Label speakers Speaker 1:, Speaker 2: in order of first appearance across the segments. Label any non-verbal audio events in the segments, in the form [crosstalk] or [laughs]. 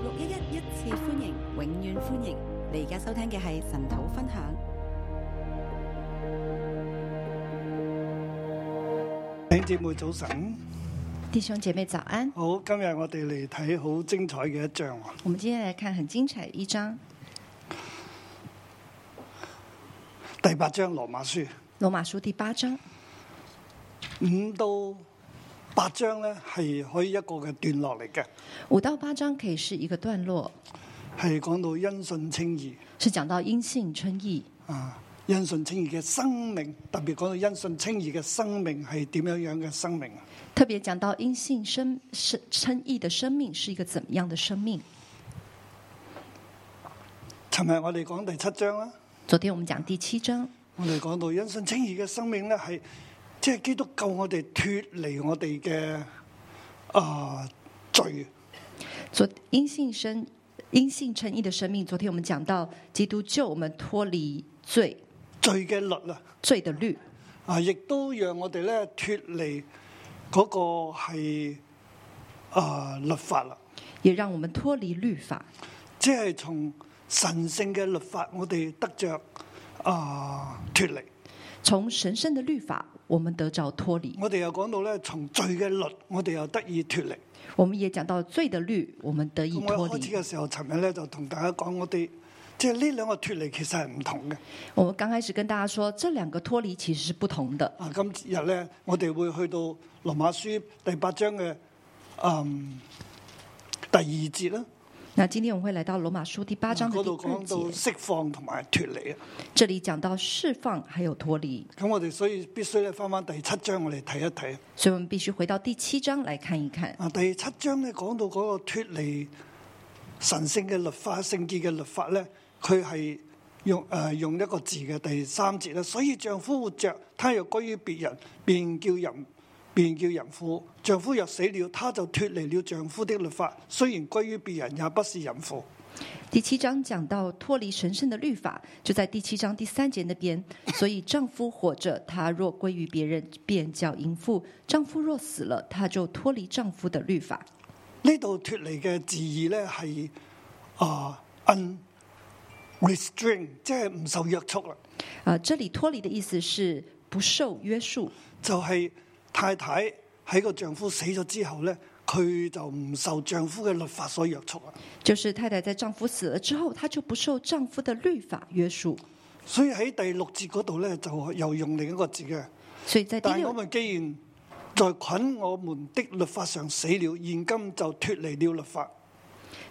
Speaker 1: 六一一一次歡迎，永遠歡迎。你而家收聽嘅係神討
Speaker 2: 分享。兄姐妹早晨，弟兄姐妹早安。好，今日我哋嚟睇好精彩嘅一章。我們今天來看很精彩一章，第八章羅馬書。羅馬書第八章五到。八章咧係可以一個嘅段落嚟嘅，五到八章其實是一個段落，係講到因信稱義，是講到因信稱義啊，因信稱義嘅生命，特別講到因信稱義嘅生命係點樣樣嘅生命，特別講到因信生稱稱義嘅生命是一個怎麼樣的生命。尋日我哋講第七章啦，昨天我們講第七章，啊、我哋講到因信稱義嘅生命咧係。即係基督救，我哋脫離我哋嘅啊罪。昨因信生，因信稱義嘅生命。昨天我們講到基督救我們脫離，uh, 罪，罪嘅律啊，罪的律啊，亦都讓我哋咧脫離嗰個係啊律法啦，也讓我們脫離，uh, 律，律法。即係從神聖嘅律法，我哋得着啊脫離，從神聖的律法。Uh, 我們得找脫離。我哋又講到咧，從罪嘅律，我哋又得以脫離。我們也講到罪嘅律，我們得以脫離。我開始嘅時候，尋日咧就同大家講，我哋即係呢兩個脫離其實係唔同嘅。我剛開始跟大家說，這兩個脫離其，其實是不同的。啊，今日咧，我哋會去到羅馬書第八章嘅嗯第二節啦。那今天我們會來到羅馬書第八章嗰度講到釋放同埋脫離啊，這裏講到釋放還有脫離。咁我哋所以必須咧翻翻第七章，我哋睇一睇。所以我們必須回到第七章來看一看。啊，第七章咧講到嗰個脫離神聖嘅律法、聖潔嘅律法咧，佢係用誒、呃、用一個字嘅第三節啦。所以丈夫活着，他若歸於別人，便叫人。便叫淫婦，丈夫若死了，她就脫離了丈夫的律法。雖然歸於別人，也不是淫婦。第七章講到脫離神聖的律法，就在第七章第三節那邊。所以丈夫活着，他若歸於別人，便叫淫婦；丈夫若死了，他就脫離丈夫的律法。呢度脫離嘅字義呢，係啊、uh, unrestrained，即係唔受約束啦。啊、uh,，這裏脫離的意思是不受約束，就係、是。太太喺個丈夫死咗之後咧，佢就唔受丈夫嘅律法所約束啊。就是太太在丈夫死咗之後，她就不受丈夫嘅律法約束。所以喺第六節嗰度咧，就又用另一個字嘅。所以，但係我們既然在捆我們的律法上死了，現今就脫離了律法。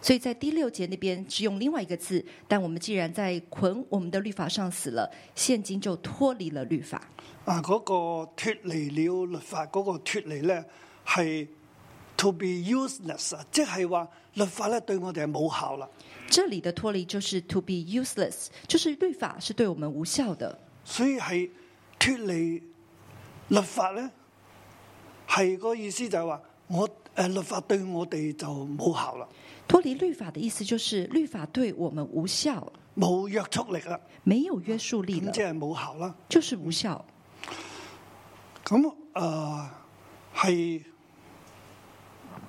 Speaker 2: 所以在第六節那邊只用另外一個字。但我們既然在捆我們的律法上死了，現今就脫離了律法。啊，嗰、那個脫離了律法，嗰、那個脫離呢，係 to be useless，即係話律法咧對我哋係冇效啦。這裏的脫離就是 to be useless，就是律法是對我們無效的。所以係脫離律法咧，係個意思就係話我誒、呃、律法對我哋就冇效啦。脫離律法的意思就是律法對我們無效，冇約束力啦，嗯、沒有約束力，咁即係冇效啦，就是無效。咁、嗯、誒，係、嗯、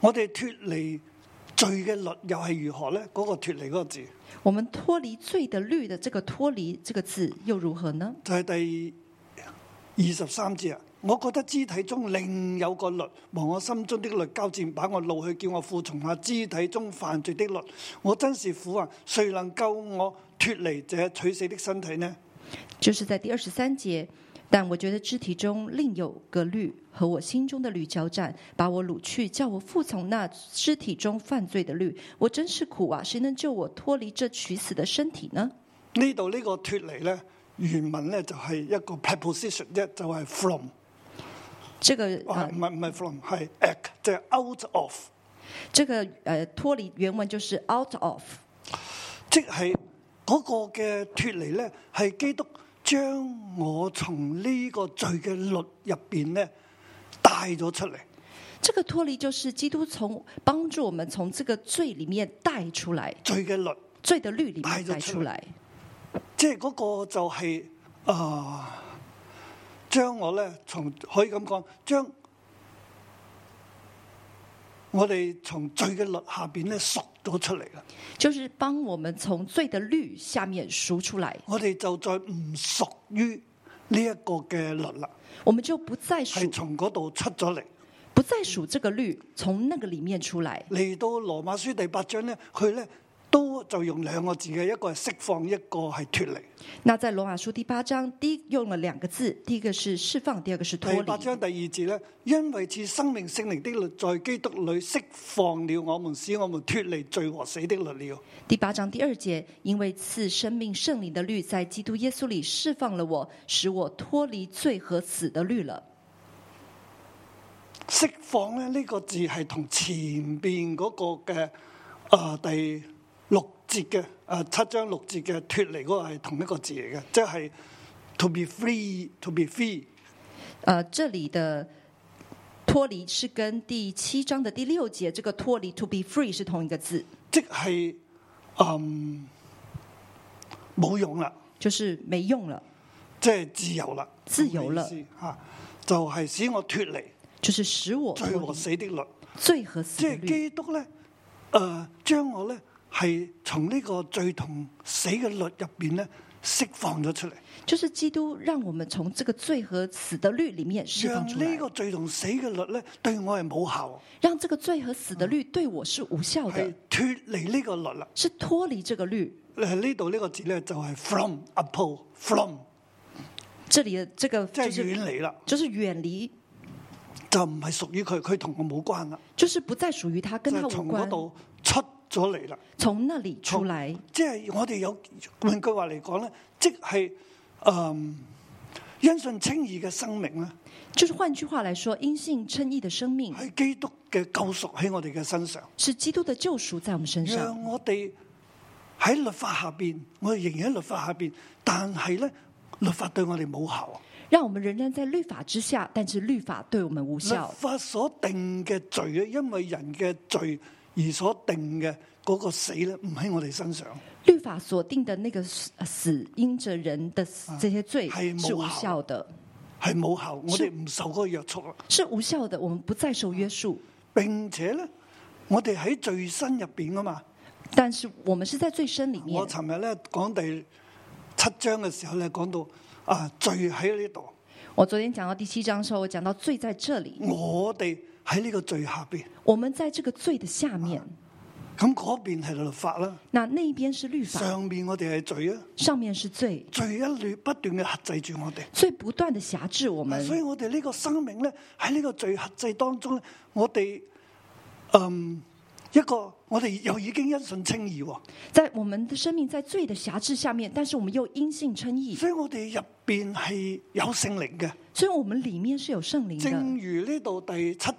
Speaker 2: 我哋脫離罪嘅律又係如何咧？嗰、那個脫離嗰個字，我們脫離罪嘅律嘅，這個脫離這個字又如何呢？就係、是、第二十三節。我覺得肢體中另有個律和我心中的律交戰，把我擄去，叫我服從那肢體中犯罪的律。我真是苦啊！誰能救我脫離這取死的身體呢？就是在第二十三節，但我覺得肢體中另有個律和我心中的律交戰，把我擄去，叫我服從那肢體中犯罪的律。我真是苦啊！誰能救我脫離這取死的身體呢？呢度呢個脱離呢，原文呢就係一個 preposition，一就係 from。這個唔係唔係 from 係 act 即係 out of。這個誒脫離原文就是 out of。即係嗰個嘅脫離咧，係基督將我從呢個罪嘅律入邊咧帶咗出嚟。這個脫離就是基督從幫助我們從這個罪裏面帶出嚟，罪嘅律，罪的律裏面帶出嚟。即係嗰個就係、是、啊。Uh, 將我咧，從可以咁講，將我哋從罪嘅律下邊咧贖咗出嚟啦。就是幫我們從罪嘅律下面贖出來。我哋就再唔屬於呢一個嘅律啦。我們就不再屬係從嗰度出咗嚟，不再屬這個律從那個裏面出來。嚟到羅馬書第八章咧，佢咧。都就用兩個字嘅，一個係釋放，一個係脫離。那在羅馬書第八章，第一用了兩個字，第一個是釋放，第二個是脫離。第八章第二節呢，因為賜生命聖靈的律，在基督裏釋放了我們，使我們脫離罪和死的律了。第八章第二節，因為賜生命聖靈的律，在基督耶穌裏釋放了我，使我脫離罪和死的律了。釋放咧呢、這個字係同前邊嗰個嘅啊、呃、第。字嘅，啊，七章六節嘅脫離嗰個係同一個字嚟嘅，即係 to be free，to be free，啊。誒，這裏的脫離是跟第七章嘅第六節這個脫離 to be free 是同一個字。即係，嗯，冇用啦，就是沒用了，即、就、係、是、自由啦，自由了，吓，就係使我脫離，就是使我罪和死的律，罪和死。即係基督咧，誒、呃，將我咧。係從呢個罪同死嘅律入邊咧，釋放咗出嚟。就是基督讓我們從這個罪和死嘅律裏面釋放出嚟。讓呢個罪同死嘅律咧，對我係冇效。讓這個罪和死嘅律對我是無效的。脫離呢個律啦，是脫離這個律。呢度呢個字咧就係 from, apol, from 這裏的這個，即係遠離啦，就是遠離。就唔係屬於佢，佢同我冇關啦。就是不再屬於他，他跟他無關，從嗰度出咗嚟啦，從那裏出嚟，即係我哋有換句話嚟講咧，即係嗯，因信稱義嘅生命咧，就是換句話嚟說，因信稱義嘅生命係基督嘅救贖喺我哋嘅身上，是基督嘅救贖在我們身上。讓我哋喺律法下邊，我哋仍然喺律法下邊，但係咧，律法對我哋冇效啊！讓我們仍然在律法之下，但是律法對我們無效。律法所定嘅罪，因為人嘅罪。而所定嘅嗰個死咧，唔喺我哋身上。律法所定的那個死，因着人的死這些罪係冇效嘅。係冇效的。我哋唔受嗰個約束咯，是無效的，我們不再受約束，嗯、並且咧，我哋喺罪身入邊啊嘛。但是我們是在罪身裏面。我尋日咧講第七章嘅時候咧，講到啊罪喺呢度。我昨天講到，、啊、到第七章的時候，我講到罪在這裏，我哋。喺呢個最下邊，我們在這個罪的下面，咁嗰邊係律法啦。嗱，呢邊是律法，上面我哋係罪啊，上面是罪，罪一律不斷嘅轄制住我哋，最不斷嘅轄制我們、啊。所以我哋呢個生命咧，喺呢個罪轄制當中咧，我哋，嗯。一個我哋又已經因信稱義喎，在我們的生命在罪的轄制下面，但是我們又因信稱義。所以我哋入邊係有聖靈嘅。所以我們裏面是有聖靈。正如呢度第七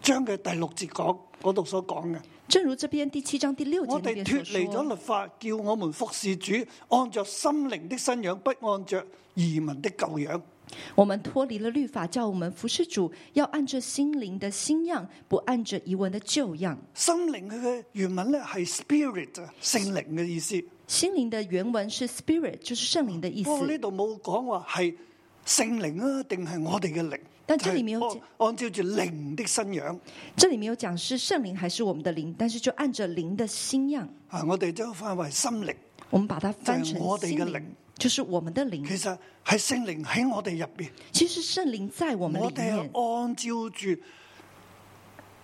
Speaker 2: 章嘅第六節講嗰度所講嘅。正如這邊第，第，第七章第六節，我哋脫離咗律法，叫我們服侍主，按着心靈的新樣，不按着移民的舊樣。我們脫離了律法，叫我們服侍主要按着心靈的新樣，不按着儀文的舊樣。心靈佢嘅原文咧係 spirit，聖靈嘅意思。心靈的原文是 spirit，就是聖靈的意思。呢度冇講話係聖靈啊，定係我哋嘅靈？但係這裏沒有講，就是、按照住靈的新樣。這裡沒有講是聖靈還是我們的靈，但是就按着靈的新樣。啊，我哋就翻為心靈。我們把它翻成我哋嘅靈。就是就是我們的靈，其實係聖靈喺我哋入邊。其實聖靈在我們，我哋按照住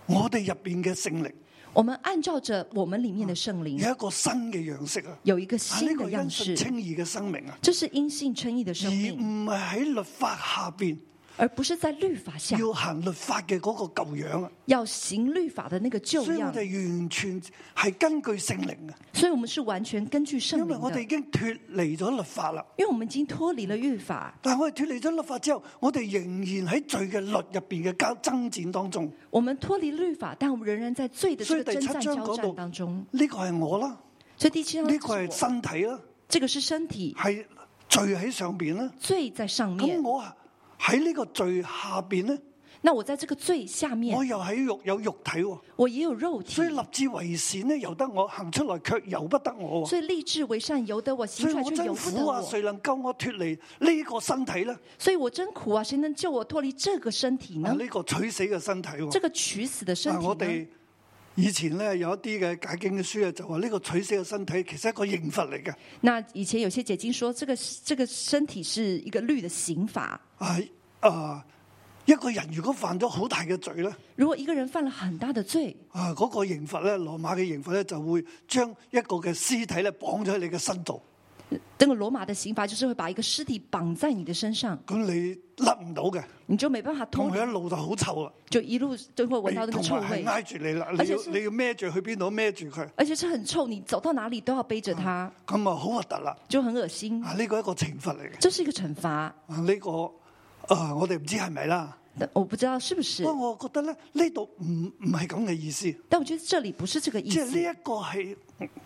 Speaker 2: 我哋入邊嘅聖靈，我們按照着我們裏面的聖靈，有一個新嘅樣式啊，有一個新嘅樣式，稱義嘅生命啊，這是、個、因信稱義嘅生，生命，而唔係喺律法下邊。而不是在律法下，要行律法嘅嗰個舊樣啊，要行律法的那個舊樣。所以，我哋完全係根據聖靈啊。所以，我們是完全根據聖靈。因為我哋已經脫離咗律法啦。因為我們已經脫離了律法。但係我哋脫離咗律法之後，我哋仍然喺罪嘅律入邊嘅交爭戰當中。我們脫離了律法，但我們仍然在罪的爭戰交戰當中。呢、這個係我啦，呢個係身體啦，這個是身體，係、這個、罪喺上邊啦，罪在上面。咁我。喺呢個最下邊呢？那我在這個最下面，我又喺肉有肉體喎、哦，我也有肉體，所以立志為善呢，由得我行出來，卻由不得我。所以立志為善，由得我行出來，卻由不得我。所以，我真苦啊！誰能救我脱離呢個身體呢？所以我真苦啊！誰能救我脫離這個身體呢？呢、啊、個取死嘅身體、啊，這個取死嘅身體。這個以前咧，有一啲嘅解經嘅書啊，就話呢個取死嘅身體其實係一個刑罰嚟嘅。嗱，以前有些解經說，這個這個身體是一個律的刑罰，係啊、呃，一個人如果犯咗好大嘅罪咧，如果一個人犯了很大的罪。啊、那個刑罰咧，羅馬嘅刑罰咧就會將一個嘅屍體咧綁咗喺你嘅身度。等個羅馬的刑罰就是會把一個屍體綁在你的身上，咁你甩唔到嘅，你就沒辦法通。佢一路就好臭啦，就一路就會聞到那個臭味。同係挨住你啦，你要孭住去邊度孭住佢，而且是很臭，你走到哪裏都要背着它。咁、嗯、啊，好核突啦，就很噁心。啊、呢、這個一個懲罰嚟嘅，這是一個懲罰。啊、呢、這個啊，我哋唔知係咪啦，我不知道是不是。不過我覺得咧，呢度唔唔係咁嘅意思。但我覺得這裏不是這個意思，即係呢一個係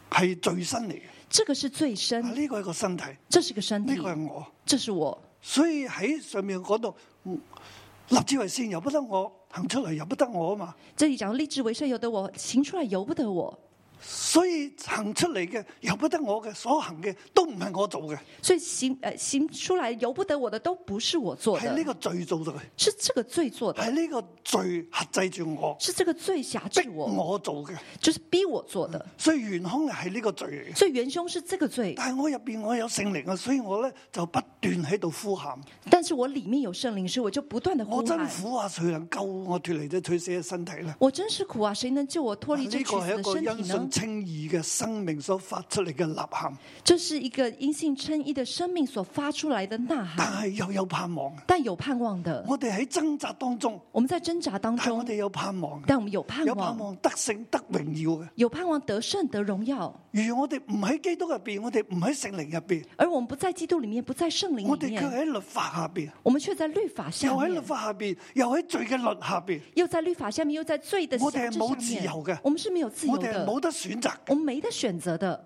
Speaker 2: 係罪身嚟嘅。這個是最深，呢、這個係個身體，這是個身體，呢、這個係我，這是我，所以喺上面講到，立志為先，由不得我行出嚟，由不得我嘛。這裏講立志為先，由得我行出嚟由不得我。所以行出嚟嘅由不得我嘅所行嘅都唔係我做嘅，所以行誒行出來由不得我嘅，都不是我做嘅，係呢、呃、個罪做嘅，是呢個罪做嘅，係呢個罪轄制住我，是呢個罪轄逼我做嘅，就是逼我做嘅。所以元凶係呢個罪嚟嘅，所以元凶是呢個，個罪。但係我入邊我有聖靈啊，所以我咧就不斷喺度呼喊。但是我裏面有聖靈，所以我就不斷地呼喊。我真苦啊，誰能救我脫離這退死嘅身體咧？我真是苦啊，誰能救我脫離呢、啊這個、個身體呢？稱義嘅生命所發出嚟嘅吶喊，這是一個因信稱義嘅生命所發出來嘅吶喊。但係又有盼望，但有盼望的，我哋喺掙扎當中，我們在掙扎當中，我哋有盼望，但我們有盼望，有盼望得勝得榮耀嘅，有盼望得勝得榮耀。如我哋唔喺基督入邊，我哋唔喺聖靈入邊。而我們不在基督裏面，不在聖靈裏面。我哋卻喺律法下邊。我們卻在律法下。又喺律法下邊，又喺罪嘅律下邊。又在律法下面，又在罪的。我哋係冇自由嘅。我們是沒有自由。我哋係冇得選擇。我哋冇得選擇的，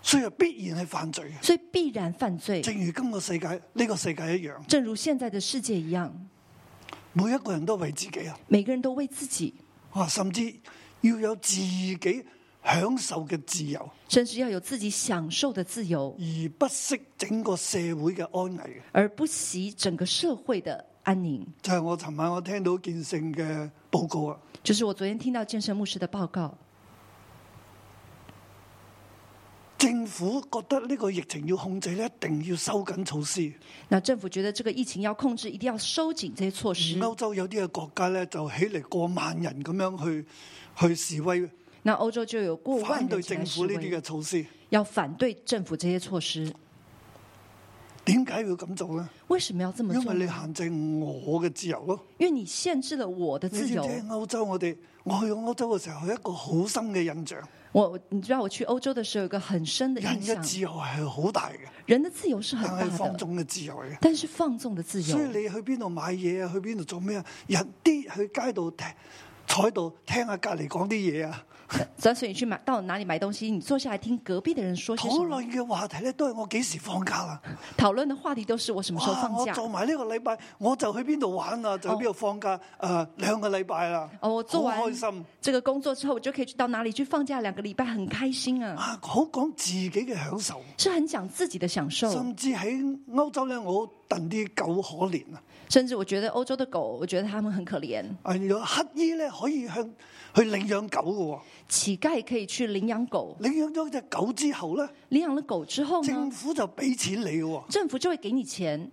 Speaker 2: 所以必然係犯罪。所以必然犯罪，正如今個世界呢、這個世界一樣，正如現在嘅世界一樣，每一個人都為自己啊，每個人都為自己啊，甚至要有自己。享受嘅自由，甚至要有自己享受嘅自由，而不惜整個社會嘅安危，而不惜整個社會嘅安寧。就係、是、我尋晚我聽到建聖嘅報告啊，就是我昨天聽到建聖牧師嘅報告。政府覺得呢個疫情要控制咧，一定要收緊措施。嗱，政府覺得這個疫情要控制，一定要收緊這些措施。歐洲有啲嘅國家咧，就起嚟過萬人咁樣去去示威。那歐洲就有過份嘅政府呢啲嘅措施，要反對政府這些措施。點解要咁做呢？為什麼要這麼做呢？因為你限制我嘅自由咯。因為你限制了我的自由。你知唔知歐洲？我哋我去咗歐洲嘅時候，有一個好深嘅印象。我你知道，我去歐洲嘅時候，有一個很深嘅印象。自由係好大嘅，人的自由是很大，放縱嘅自由嚟嘅。但是放縱嘅自、自由，所以你去邊度買嘢啊？去邊度做咩啊？人啲去街度聽，坐喺度聽下隔籬講啲嘢啊？所以你去買到哪裏買東西，你坐下來聽隔壁的人說，好耐嘅話題呢，都係我幾時放假啦，討論的話題都是我什麼時候放假。哇！我做埋呢個禮拜，我就去邊度玩啊？就去邊度放假？誒、哦，呃，兩個禮拜啦，哦。我做完開心。這個工作之後，我就可以去到哪裏去放假兩個禮拜，很開心啊！啊，好講自己嘅享受，是很講自己嘅享受。甚至喺歐洲呢，我戥啲狗可憐啊！甚至我覺得歐洲的狗，我覺得他們很可憐。誒、呃，乞兒呢，可以向去領養狗嘅。乞丐可以去領養狗，領養咗一隻狗之後咧，領養了狗之後呢，政府就俾錢你喎、哦，政府就會給你錢。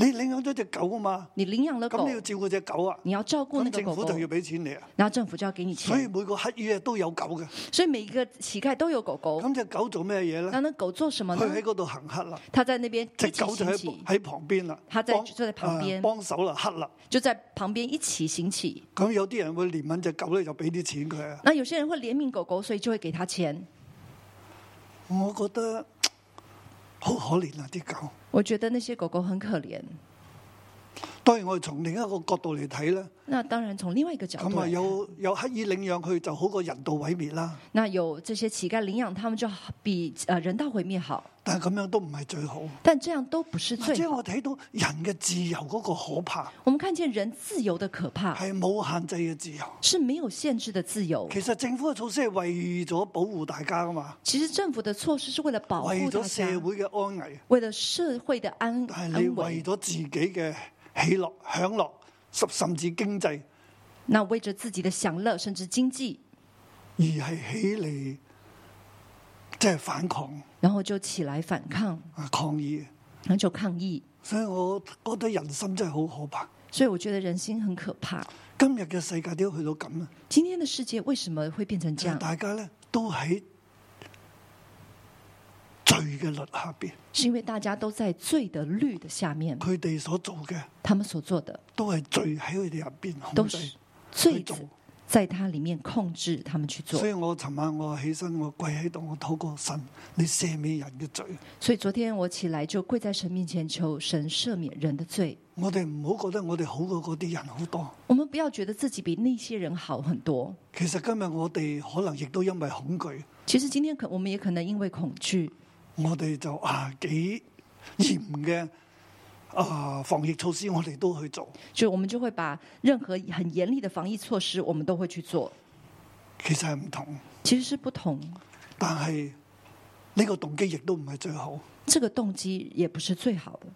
Speaker 2: 你領養咗隻狗啊嘛，你領養咗，咁你要照顧隻狗啊，你要照顧呢隻狗狗，政府就要俾錢你啊，然後政府就要給你錢，所以每個乞丐都有狗嘅，所以每一個乞丐都有狗狗，咁隻狗做咩嘢咧？嗱，呢狗做什麼咧？佢喺嗰度行乞啦，佢在那邊一起行乞，狗就喺旁邊啦，佢就坐在旁邊幫手啦，乞啦、呃，就在旁邊、呃、一起行乞。咁、嗯、有啲人會憐憫隻狗咧，就俾啲錢佢啊。那有些人會憐憫狗狗，所以就會給他錢。我覺得好可憐啊，啲狗。我覺得那些狗狗很可憐。當然我從另一個角度嚟睇咧。那當然從另外一個角度。咁啊，有有刻意領養佢就好過人道毀滅啦。那有這些乞丐領養他們就比呃人道毀滅好。但係咁樣都唔係最好。但這樣都不是最好。即係我睇到人嘅自由嗰個可怕。我們看見人自由的可怕，係冇限制嘅自由，是沒有限制的自由。其實政府嘅措施係為咗保護大家噶嘛。其實政府嘅措施係為了保護咗社會嘅安危。為了社會的安危。係你為咗自己嘅。喜樂享樂甚至經濟，那為着自己的享樂甚至經濟，而係起嚟即係反抗，然後就起來反抗，抗議，然後就抗議。所以我覺得人心真係好可怕，所以我覺得人心很可怕。今日嘅世界點解去到咁啊？今天嘅世界為什麼會變成這樣？就是，大家咧都喺。罪嘅律下邊，是因為大家都在罪的律的下面。佢哋所做嘅，他們所做的，都係罪喺佢哋入邊，都是罪在他裏面控制他們去做。所以我尋晚我起身我跪喺度，我禱告神，你赦免人嘅罪。所以昨天我起來就跪在神面前求神赦免人的罪。我哋唔好覺得我哋好過嗰啲人好多。我們不要覺得自己比那些人好很多。其實今日我哋可能亦都因為恐懼。其實今天可我們也可能因為恐懼。我哋就啊幾嚴嘅啊防疫措施，我哋都去做。就我們就會把任何很嚴厲的防疫措施，我們都會去做。其實係唔同，其實是不同，但係呢個動機亦都唔係最好。這個動機也不是最好的。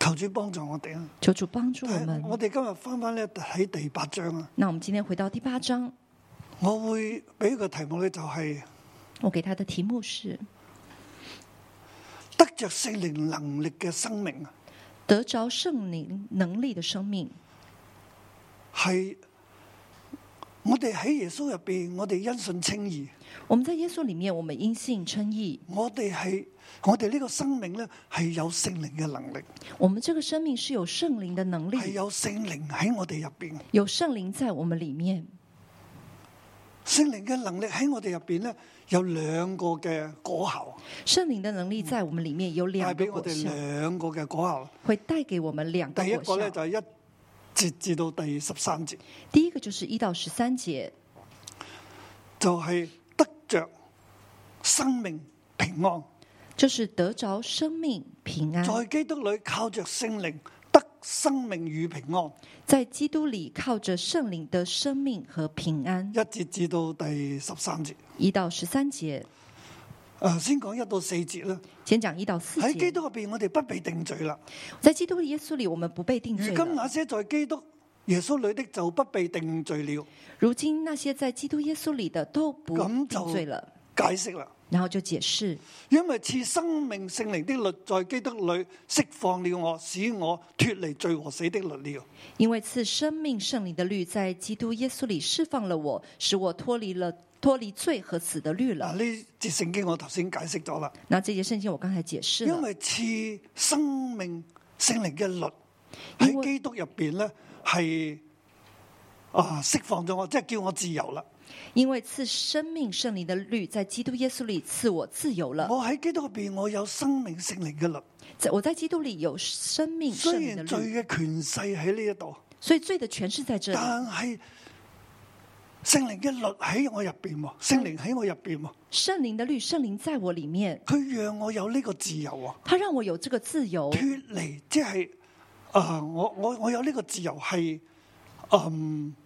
Speaker 2: 求主幫助我哋啊！求主幫助我們。我哋今日翻翻呢喺第八章啊。嗱，我們今天回到第八章，我會俾一個題目咧，就是，就係我給他的題目是。得着聖靈能力嘅生命，得着聖靈能力嘅生命，係我哋喺耶穌入邊，我哋因信稱義。我們在耶穌裏面，我們因信稱義。我哋係我哋呢個生命咧，係有聖靈嘅能力。我們這個生命是有聖靈的能力，是有聖靈喺我哋入邊，有聖靈在我們裏面。聖靈嘅能力喺我哋入邊咧，有兩個嘅果效。聖靈嘅能力在我們裏面有帶俾我哋兩個嘅果，、嗯、果效，會帶給我們兩個。第一個咧就係一節至到第十三節。第一個就是一到十三節，就係、是、得着生命平安。就是得着生命平安，在基督裏，靠着聖靈。生命與平安，在基督裏靠着聖靈的生命和平安。一節至到第十三節，一到十三節。誒，先講一到四節啦。先講一到四節。喺基督入邊，我哋不被定罪啦。在基督耶穌裏，我們不被定罪。如今那些在基督耶穌裏的就不被定罪了。如今那些在基督耶穌裏的都不被定罪了。解釋啦。然後就解釋，因為賜生命聖靈的律在基督裏釋放了我，使我脫離罪和死的律了。因為賜生命聖靈的律在基督耶穌裏釋放了我，使我脫離了脫離罪和死的律了。呢節聖經我頭先解釋咗啦。嗱，這節聖經我剛才解釋，才解釋，因為賜生命聖靈嘅律喺基督入邊咧係啊，釋放咗我，即係叫我自由啦。因為賜生命聖靈的律在基督耶穌裏賜我自由了。我喺基督入邊，我有生命聖靈嘅律。我在基督裏有生命聖靈嘅律。雖然罪嘅權勢喺呢一度，所以罪的權勢在這。但係聖靈嘅律喺我入邊，聖靈喺我入邊，聖靈嘅律，聖靈在我裏面，佢讓我有呢個自由啊！他讓我有呢個自由，脫離，即係啊、呃！我我我有呢個自由係嗯。呃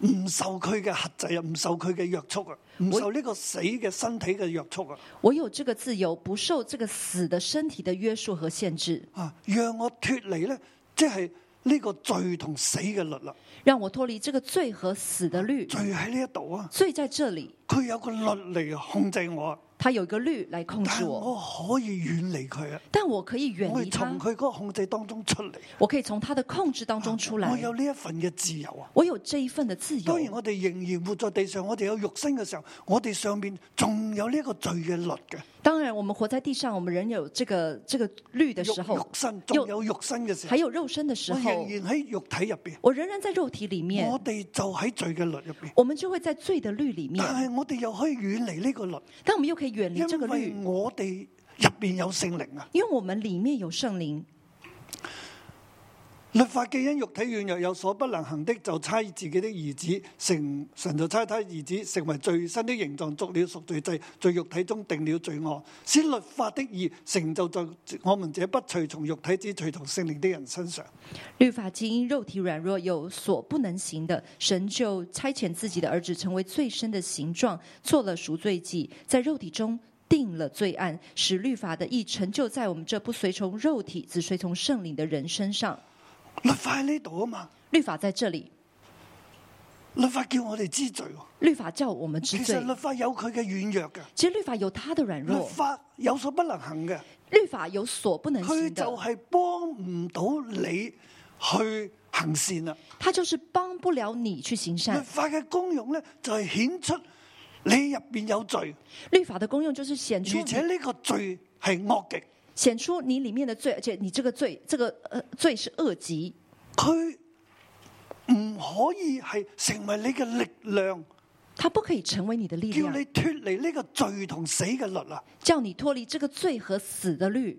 Speaker 2: 唔受佢嘅轄制啊，唔受佢嘅約束啊，唔受呢個死嘅身體嘅約束啊。我有這個自由，不受這個死嘅身體嘅約束和限制啊，讓我脫離咧，即係呢個罪同死嘅律啦。讓我脫離這個罪和死嘅律，律，罪喺呢一度啊，所以在這裏，佢有個律嚟控制我。它有一個律來控制我，我可以遠離佢啊！但我可以遠離，我從佢個控制當中出嚟，我可以從他的控制當中出嚟。我有呢一份嘅自由啊！我有這一份嘅自，自由。當然我哋仍然活在地上，我哋有肉身嘅時候，我哋上面仲有呢一個罪嘅律嘅。當然我們活在地上，我們仍有這個這個律嘅時候，肉肉身有肉身嘅時候，還有肉身嘅時候，仍然喺肉體入邊，我仍然在肉體裡面，我哋就喺罪嘅律入邊，我們就會在罪嘅律裡面，但係我哋又可以遠離呢個律，但我們又可以。因為我哋入邊有聖靈啊，因為我們裏面有聖靈。律法既因肉體軟弱有所不能行的，就差自己的兒子，成神就差他兒子成為最深的形狀，作了贖罪祭，在肉體中定了罪案，使律法的義成就在我們這不隨從肉體只隨從聖靈的人身上。律法既因肉體軟弱有所不能行的，神就差遣自己的兒子成為最深的形狀，做了贖罪祭，在肉體中定了罪案，使律法的義成就在我們這不隨從肉體只隨從聖靈的人身上。律法喺呢度啊嘛，律法在這裏，律法叫我哋知罪。律法叫我們知罪。其實律法有佢嘅軟弱嘅，其實律法有他的軟弱。律法有所不能行嘅，律法有所不能行，佢就係幫唔到你去行善啊！他就是幫不了你去行善。律法嘅功用咧，就係顯出你入邊有罪。律法嘅功用就是顯出，而且呢個罪係惡極。顯出你裏面的罪，而且你這個罪，這個呃罪是惡極。佢唔可以係成為你嘅力量，他不可以成為你的力量。叫你脫離呢個罪同死嘅律啊！叫你脫離這個罪和死的律。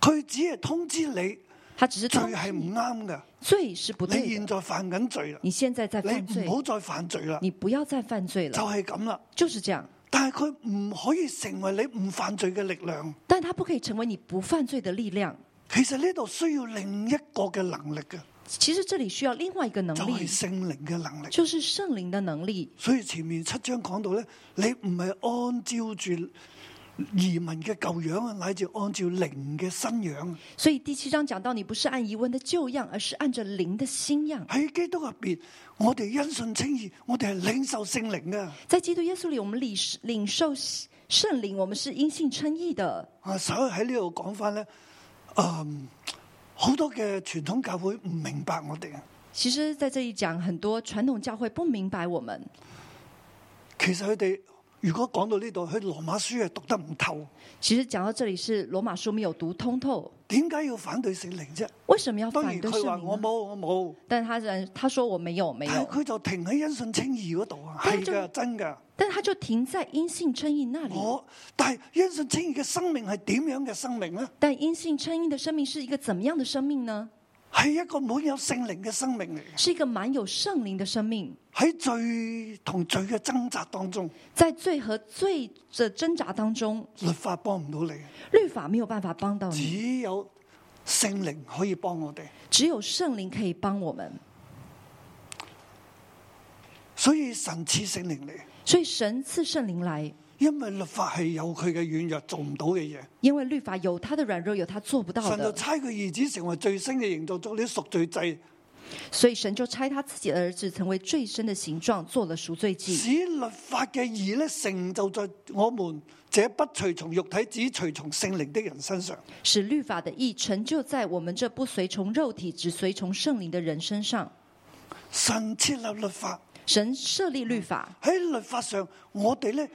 Speaker 2: 佢只係通知你，他只是通知你。罪係唔啱嘅，罪是不對。你現在犯緊罪啦，你現在在犯罪，唔好再犯罪啦，你不要再犯罪啦，就係咁啦，就是這樣。但係佢唔可以成為你唔犯罪嘅力量，但係佢不可以成為你不犯罪的力量。其實呢度需要另一個嘅能力嘅，其實這裏需要另外一個能力，就係聖靈嘅能力，就是聖靈嘅能力。所以前面七章講到咧，你唔係按照住。移民嘅舊樣，乃至按照靈嘅新樣。所以第七章講到，你不是按儀文嘅舊樣，而是按照靈嘅新樣。喺基督入邊，我哋因信稱義，我哋係領受聖靈啊！在基督耶穌裏，我們領領受聖靈，我們是因信稱義的。啊，所以喺呢度講翻咧，嗯，好多嘅傳統教會唔明白我哋。其實，在這裏講，很多傳統教會不明白我們。其實佢哋。如果講到呢度，佢羅馬書係讀得唔透。其實講到這裏，是羅馬書未有讀通透。點解要反對聖靈啫？為什麼要反對聖靈？當然佢話我冇，我冇。但係佢，他說我沒有，我沒有。佢就停喺因信稱義嗰度啊，係噶，真噶。但係他就停在因信稱義，義那裏。我，但係因信稱義嘅生命係點樣嘅生命咧？但因信稱義嘅生命是一個怎麼樣的生命呢？係一個滿有聖靈嘅生命嚟，是一個滿有聖靈嘅生命。喺罪同罪嘅掙扎當中，在罪和罪嘅掙扎當中，律法幫唔到你，律法沒有辦法幫到你。只有聖靈可以幫我哋，只有聖靈可以幫我們。所以神賜聖靈嚟，所以神賜聖靈嚟。因為律法係有佢嘅軟弱，做唔到嘅嘢。因為律法有它的軟弱，有它做不到。神就差佢兒子成為最新嘅形狀，做啲贖罪祭。所以神就差他自己的兒子成為最深的形狀，做了贖罪祭。使律法嘅義咧成就在我們這不隨從肉體，只隨從聖靈的人身上。使律法的義成就在我們這不隨從肉體，只隨從聖靈的人身上。神設立律法，神設立律法喺律法上，我哋咧。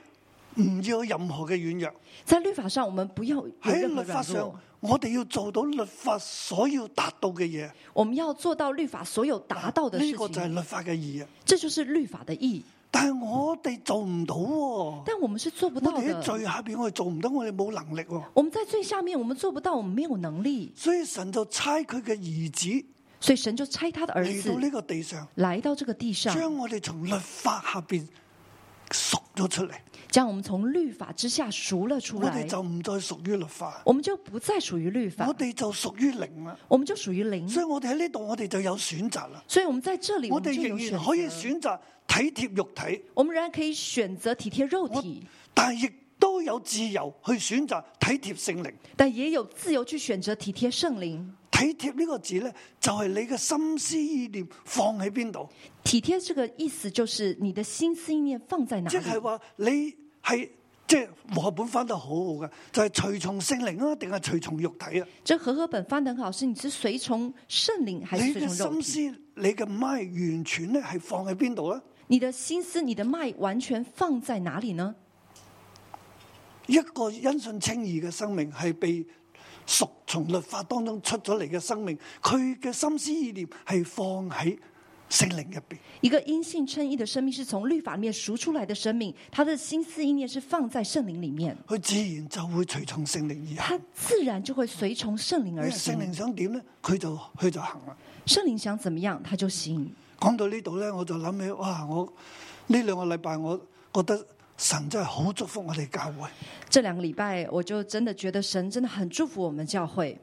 Speaker 2: 唔要有任何嘅軟弱，在律法上我們不要喺律法上，我哋要做到律法所要達到嘅嘢。我們要做到律法所有達到嘅呢，這個就係律法嘅義啊！這就是律法嘅義。但係我哋做唔到，哦，但我們是做不到嘅。喺最下邊，我哋做唔到，我哋冇能力。我們在最下面我，我們，哦，我，們下面我們做不到，我們沒有能力。所以神就差佢嘅兒子，所以神就差他的兒子來到呢個地上，來到這個地上，將我哋從律法下邊贖咗出嚟。將我們從律法之下贖了出來，我哋就唔再屬於律法，我們就不再屬於律法，我哋就屬於靈啦，我們就屬於靈，所以我哋喺呢度我哋就有選擇。所以我們在這裏，我哋仍然可以選擇體貼肉體，我們仍然可以選擇體貼肉體，但係亦都有自由去選擇體貼聖靈，但也有自由去選擇體貼聖靈。體貼呢個字呢，就係你嘅心思意念放喺邊度？體貼這個意思，就是你的心思意念放在哪，放在哪？即係話你。係即係何和本翻得好好㗎，就係隨從聖靈啊，定係隨從肉體啊？即係何和本翻等。考試，你知隨從聖靈還是隨心思，你嘅麥完全咧係放喺邊度咧？你嘅心思，你嘅麥完全放在哪裏呢？一個因信稱義嘅生命係被屬從律法當中出咗嚟嘅生命，佢嘅心思意念係放喺。聖靈入面，一個因信稱義的生命是從律法裏面贖出來的生命，他的心思意念是放在聖靈裏面，佢自然就會隨從聖靈而行。他自然就會隨從聖靈而行。聖靈想點呢？佢就去就行啦。聖靈想怎麼樣，他就行。講到呢度呢，我就諗起哇！我呢兩個禮拜，我覺得神真係好祝福我哋教會。這兩個禮拜，我就真的覺得神真的很祝福我們教會。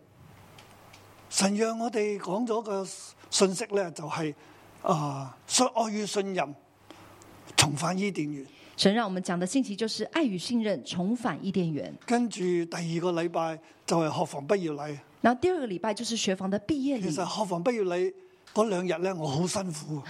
Speaker 2: 神讓我哋講咗個信息呢，就係，是。啊！愛與信任，重返伊甸園。神讓我們講的信息就是愛與信任，重返伊甸園。跟住第二個禮拜就係學房畢業禮。然後第二個禮拜就是學房的畢業禮。其實學房畢業禮嗰兩日咧，我好辛苦。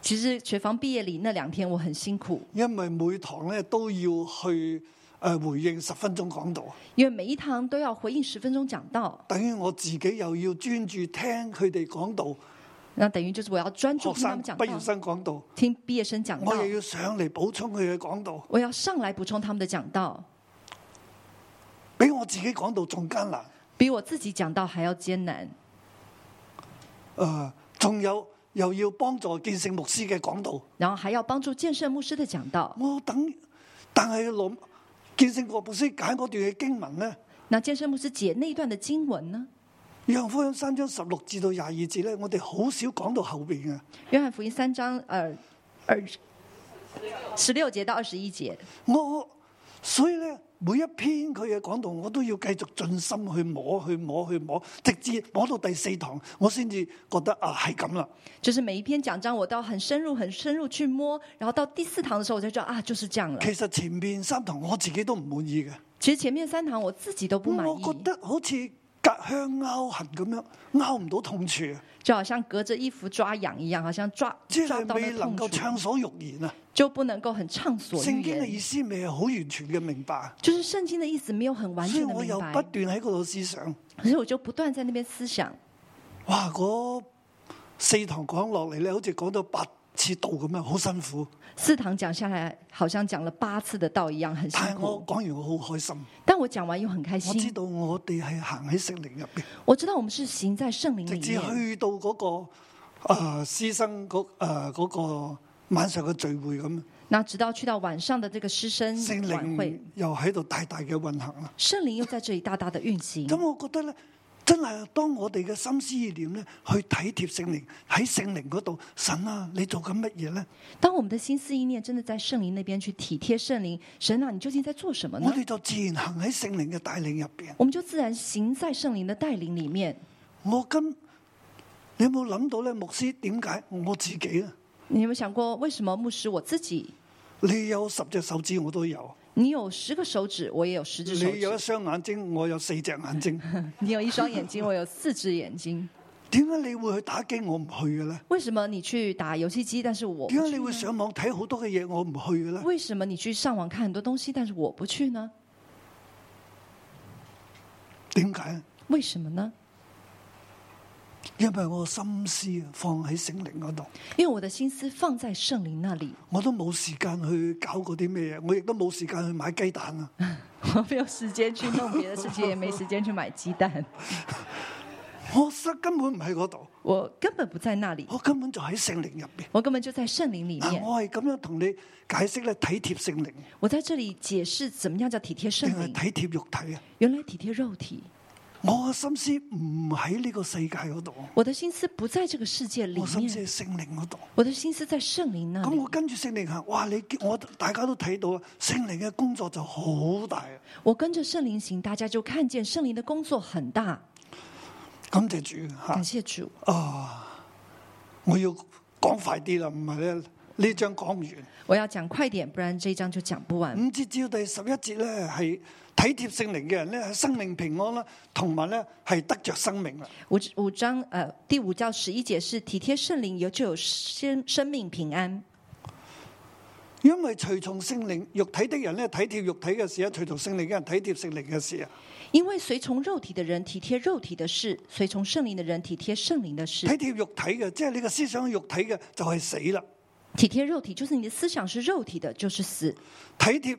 Speaker 2: 其實學房畢業禮那兩天，我很辛苦，因為每堂咧都要去誒回應十分鐘講道。因為每一堂都要回應十分鐘講道，等於我自己又要專注聽佢哋講道。那等於就是我要專注聽他們講道，生畢業生講道聽畢業生講道，我又要上嚟補充佢嘅講道。我要上嚟補充他們的講道，比我自己講道仲艱難，比我自己講道還要艱難。誒、呃，仲有又要幫助建證牧師嘅講道，然後還要幫助建證牧師嘅講道。我等，但係要諗建證國牧師解嗰段嘅經文呢？那建證牧師解那段嘅經文呢？約翰福音三章十六至到廿二節咧，我哋好少講到後邊嘅。約翰福音三章，呃，十六節到二十一節。我所以咧，每一篇佢嘅講道，我都要繼續盡心去摸，去摸，去摸，直至摸到第四堂，我先至覺得啊，係咁啦。就是每一篇講章，我都要很深入、很深入去摸，然後到第四堂嘅時候，我就知道啊，就是這樣啦。其實前面三堂我自己都唔滿意嘅。其實前面三堂我自己都不滿意。我覺得好似。隔香勾痕咁樣，勾唔到痛處，就好像隔着衣服抓癢一樣，好像抓抓即係未能夠暢所欲言啊，就不能夠很暢所欲言。聖經嘅意思未係好完全嘅明白，就是聖經嘅意思沒有很完全的。所以我又不斷喺嗰度思想，所以我就不斷喺那邊思想。哇，嗰四堂講落嚟咧，好似講到八。似道咁樣，好辛苦。四堂講下來，好像講了八次的道一樣，很辛苦。但係我講完，我好開心。但我講完又很開心。我知道我哋係行喺聖靈入邊，我知道我們是行在聖靈。直至去到嗰、那個誒、呃、師生嗰、那、誒、個呃那個晚上嘅聚會咁。那直到去到晚上的這個師生聖靈會，又喺度大大嘅運行啦。聖靈又在這裏大大的運行，行。咁 [laughs] 我覺得咧。真係，當我哋嘅心思意念咧，去體貼聖靈喺聖靈嗰度，神啊，你做緊乜嘢咧？當我們的心思意念真的在聖靈那邊去體貼聖靈，神啊，你究竟在做什麼呢？我哋就自然行喺聖靈嘅帶領入邊，我們就自然行在聖靈的帶領裏面。我跟你有冇諗到咧？牧師點解我自己啊？你有冇想過為什麼牧師我自己？你有十隻手指，我都有。你有十個手指，我也有十個手指。你有一雙眼睛，我有四隻眼睛。 [laughs] 你有一雙眼睛，我有四隻眼睛。點解你會去打機，我唔去嘅咧？為什麼你去打遊戲機，但是我？點解你會上網睇好多嘅嘢，我唔去嘅咧？為什麼你去上網看很多東西，但是我不去呢？點解？為什麼呢？因為我心思放喺聖靈嗰度，因為我的心思放在聖靈那裏，我都冇時間去搞嗰啲咩，我亦都冇時間去買雞蛋啊！ [laughs] 我沒有時間去弄別嘅事情。 [laughs] 也沒時間去買雞蛋。我根本唔喺嗰度，我根本不在那裏，我根本就喺聖靈入邊，我根本就在聖靈裏面。我係咁樣同你解釋咧，體貼聖靈。我在這裏解釋，怎麼樣叫體貼聖靈？體貼肉體啊！原來體貼肉體。我心思唔喺呢個世界嗰度，我的心思不在這個世界裏面。我心思喺聖靈嗰度，我的心思在聖靈那。咁我跟住聖靈行，哇！你我大家都睇到啊，聖靈嘅工作就好大。我跟住聖靈行，大家就看見聖靈嘅工作很大。感謝主，感謝主啊！我要講快啲啦，唔係咧。呢張講唔完，我要講快點，不然呢張就講不完。五節至到第十一節咧，係體貼聖靈嘅人咧，係生命平安啦，同埋咧係得着生命啦。五五章誒、呃，第五到十一節是體貼聖靈，有就有生生命平安。因為隨從聖靈、肉體的人咧，體貼肉體嘅事，隨從聖靈嘅人體貼聖靈嘅事啊。因為隨從肉體嘅人體貼肉體嘅事，隨從聖靈嘅人體貼聖靈嘅事。體貼肉體嘅，即係你個思想肉體嘅，就係死啦。體貼肉體，就是你的思想是肉體的，就是死；體貼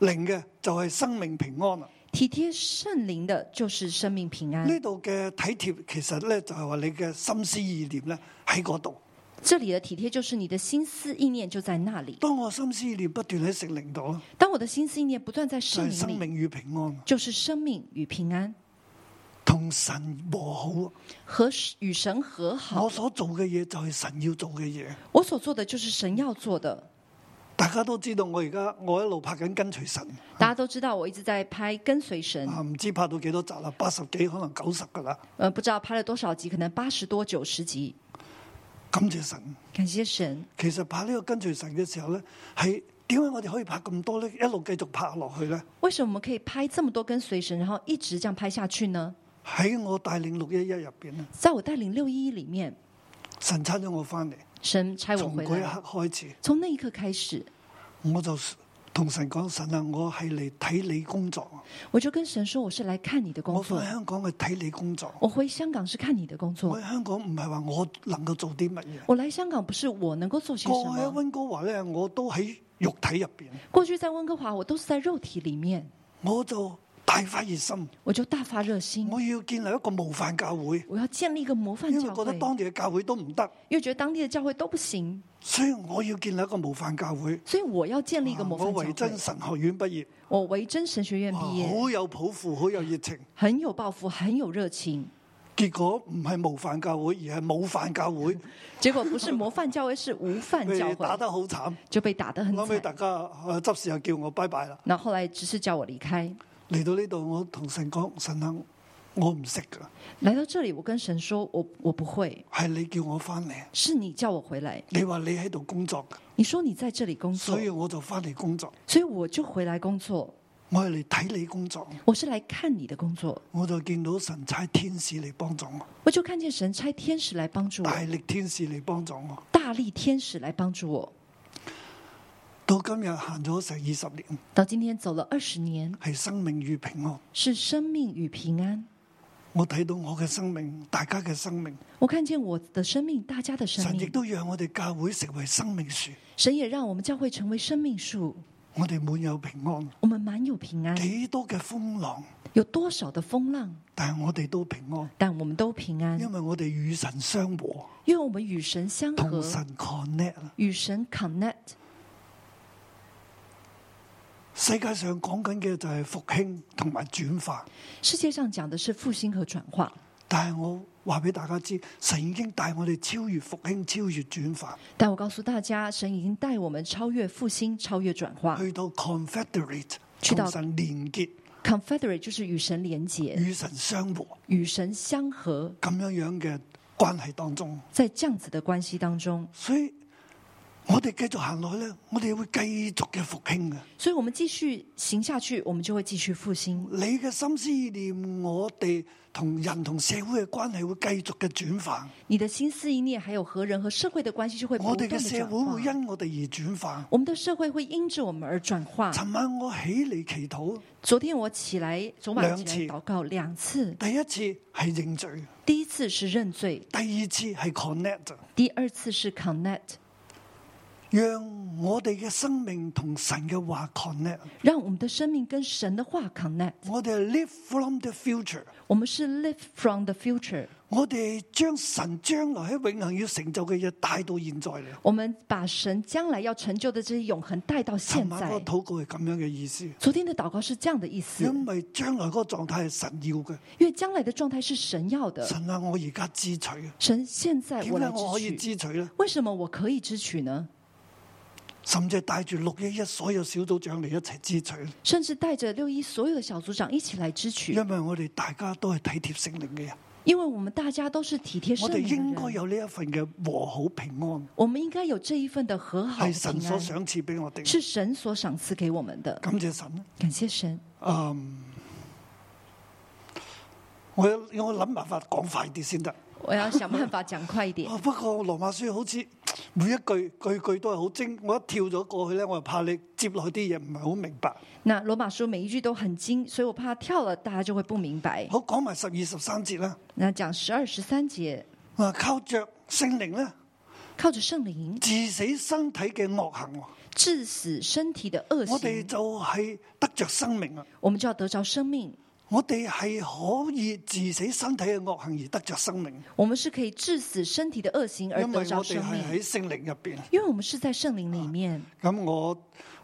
Speaker 2: 靈的就是生命平安啦。體貼聖靈的，就是生命平安。呢度嘅體貼其實咧就係話你嘅心思意念咧喺嗰度。這裡的體貼就是你嘅心思意念就在那裡。當我心思意念不斷喺聖靈度，當我嘅心思意念不斷喺聖靈裡，就是、生命與平安，就是生命與平安。同神和好，和與神和好。我所做嘅嘢就係神要做嘅嘢。我所做的就是神要做的。大家都知道我而家我一路拍緊跟隨神。大家都知道我一直在拍跟隨神。啊，唔知拍到幾多集啦，八十幾可能九十噶啦。嗯，不知道拍了多少集，可能八十多、九十集。感謝神，感謝神。其實拍呢個跟隨神嘅時候咧，係點解我哋可以拍咁多咧？一路繼續拍落去咧。為什麼我們可以拍這麼多跟隨神，然後一直這樣拍下去呢？喺我帶領六一一入邊啦，在我帶領六一一裏面，神差咗我翻嚟。神差我翻嚟。從嗰一刻開始，從那一刻開始，我就同神講：神啊，我係嚟睇你工作。我就跟神說，神啊，我是來看你的工作。我翻香港係睇你工作。我回香港是看你的工作。我翻香港唔係話我能夠做啲乜嘢。我來香港不是我能夠做些什麼。我喺溫哥華咧，我都喺肉體入邊。過去在溫哥華，我都是在肉體裏面。我就……大發熱心，我就大發熱心。我要建立一個模範教會，我要建立一個模範教會。因為覺得當地嘅教會都唔得，因為覺得當地嘅教會都不行，所以我要建立一個模範教會。所以我要建立一個模範教會。我為真神學院畢業，我為真神學院畢業，好有抱負，好有熱情，很有抱負，很有熱情。結果唔係模範教會，而係冇範教會。結果不是模範教、教、 [laughs] 教會，是無範教會，打得好慘，就被打得很慘。我以大家執事又叫我拜拜啦，然後後來只是叫我離開。嚟到呢度，我同神講，神，我唔識噶。嚟到這裡我，我，這裡我跟神說我我不會。係你叫我翻嚟。是你叫我回來。你話你喺度工作。你說你在這裡工作。所以我就翻嚟工，工作。所以我就回來工作。我係嚟睇你工作。我是來看你的工作。我就見到神差天使嚟幫助我。我就看見神差天使嚟幫助我。大力天使嚟幫助我。大力天使嚟幫助我。到今日行咗成二十年，到今天走了二十年，係生命與平安，是生命與平安。我睇到我嘅生命，大家嘅生命，我看見我的生命，大家嘅生命。神亦都讓我哋教會成為生命樹，神也讓我們教會成為生命樹。我哋滿有平安，我們滿有平安。幾多嘅風浪，有多少嘅風浪，但係我哋都平安，但我們都平安，因為我哋與神相和，因為我們與神相和，同神 connect，與神 connect。世界上講緊嘅就係復興同埋轉化。世界上講的是復興和轉化。但係我話俾大家知，神已經帶我哋超越復興、超越轉化。但我告訴大家，神已經帶我們超越復興、超越轉化，去到 Confederate，去到神連結。Confederate 就是與神連結，與神相和，與神相合咁樣樣嘅關係當中，在這樣子的關係當中，所以。我哋繼續行落去咧，我哋會繼續嘅復興嘅。所以，我們繼續行下去，我們就會繼續復興。你嘅心思意念，我哋同人同社會嘅關係會繼續嘅轉化。你嘅心思意念，還有和人和社會嘅關係，就會我哋嘅社會會因我哋而轉化，我們嘅社會會因住我們而轉化。昨晚我起嚟祈禱，昨天我起來昨晚兩次禱告，兩次。第一次係認罪，第一次是認罪，第二次係 connect，第二次是 connect。讓我哋嘅生命同神嘅話 connect，讓我們嘅生命跟神嘅話 connect。我哋係 live from the future，我們是 live from the future。我哋將神將來喺永恒要成就嘅嘢帶到現在咧。我們把神將來要成就嘅的這些永恒帶到現在。今晚個禱告係咁樣嘅意思。昨天嘅禱告是這樣嘅意思。因為將來嗰個狀態係神要嘅，因為將來嘅狀態是神要嘅。神啊，我而家支取。神現在點解我可以支取咧？為什麼我可以支取呢？甚至帶住六一一所有小組長嚟，一齊支取，甚至帶着六一所有嘅小組長一齊嚟支取。因為我哋大家都係體貼聖靈嘅人。因為我們大家都是體貼聖靈。我哋應該有呢一份嘅和好平安。我們應該有這一份嘅和好平安。係神所賞賜俾我哋。是神所賞賜給，給我們的。感謝神。感謝神。嗯，我要我諗辦法講快啲先得。我要想辦法講快一點。 [laughs] 不過羅馬書好似每一句句句都係好精，我一跳咗過去咧，我又怕你接落去啲嘢唔係好明白。那羅馬書每一句都很精，所以我怕跳了大家就會不明白。好，講埋十二十三節啦。那講十二十三節，靠着聖靈咧，靠着聖靈治死身體嘅惡行，治死身體嘅惡行，我哋就係得着生命啦。我們就要得着生命。我哋係可以治死身體嘅惡行而得着生命，我們是可以治死身體嘅惡行而得着我哋係喺聖靈入邊，因為我們是在聖靈裏面。咁我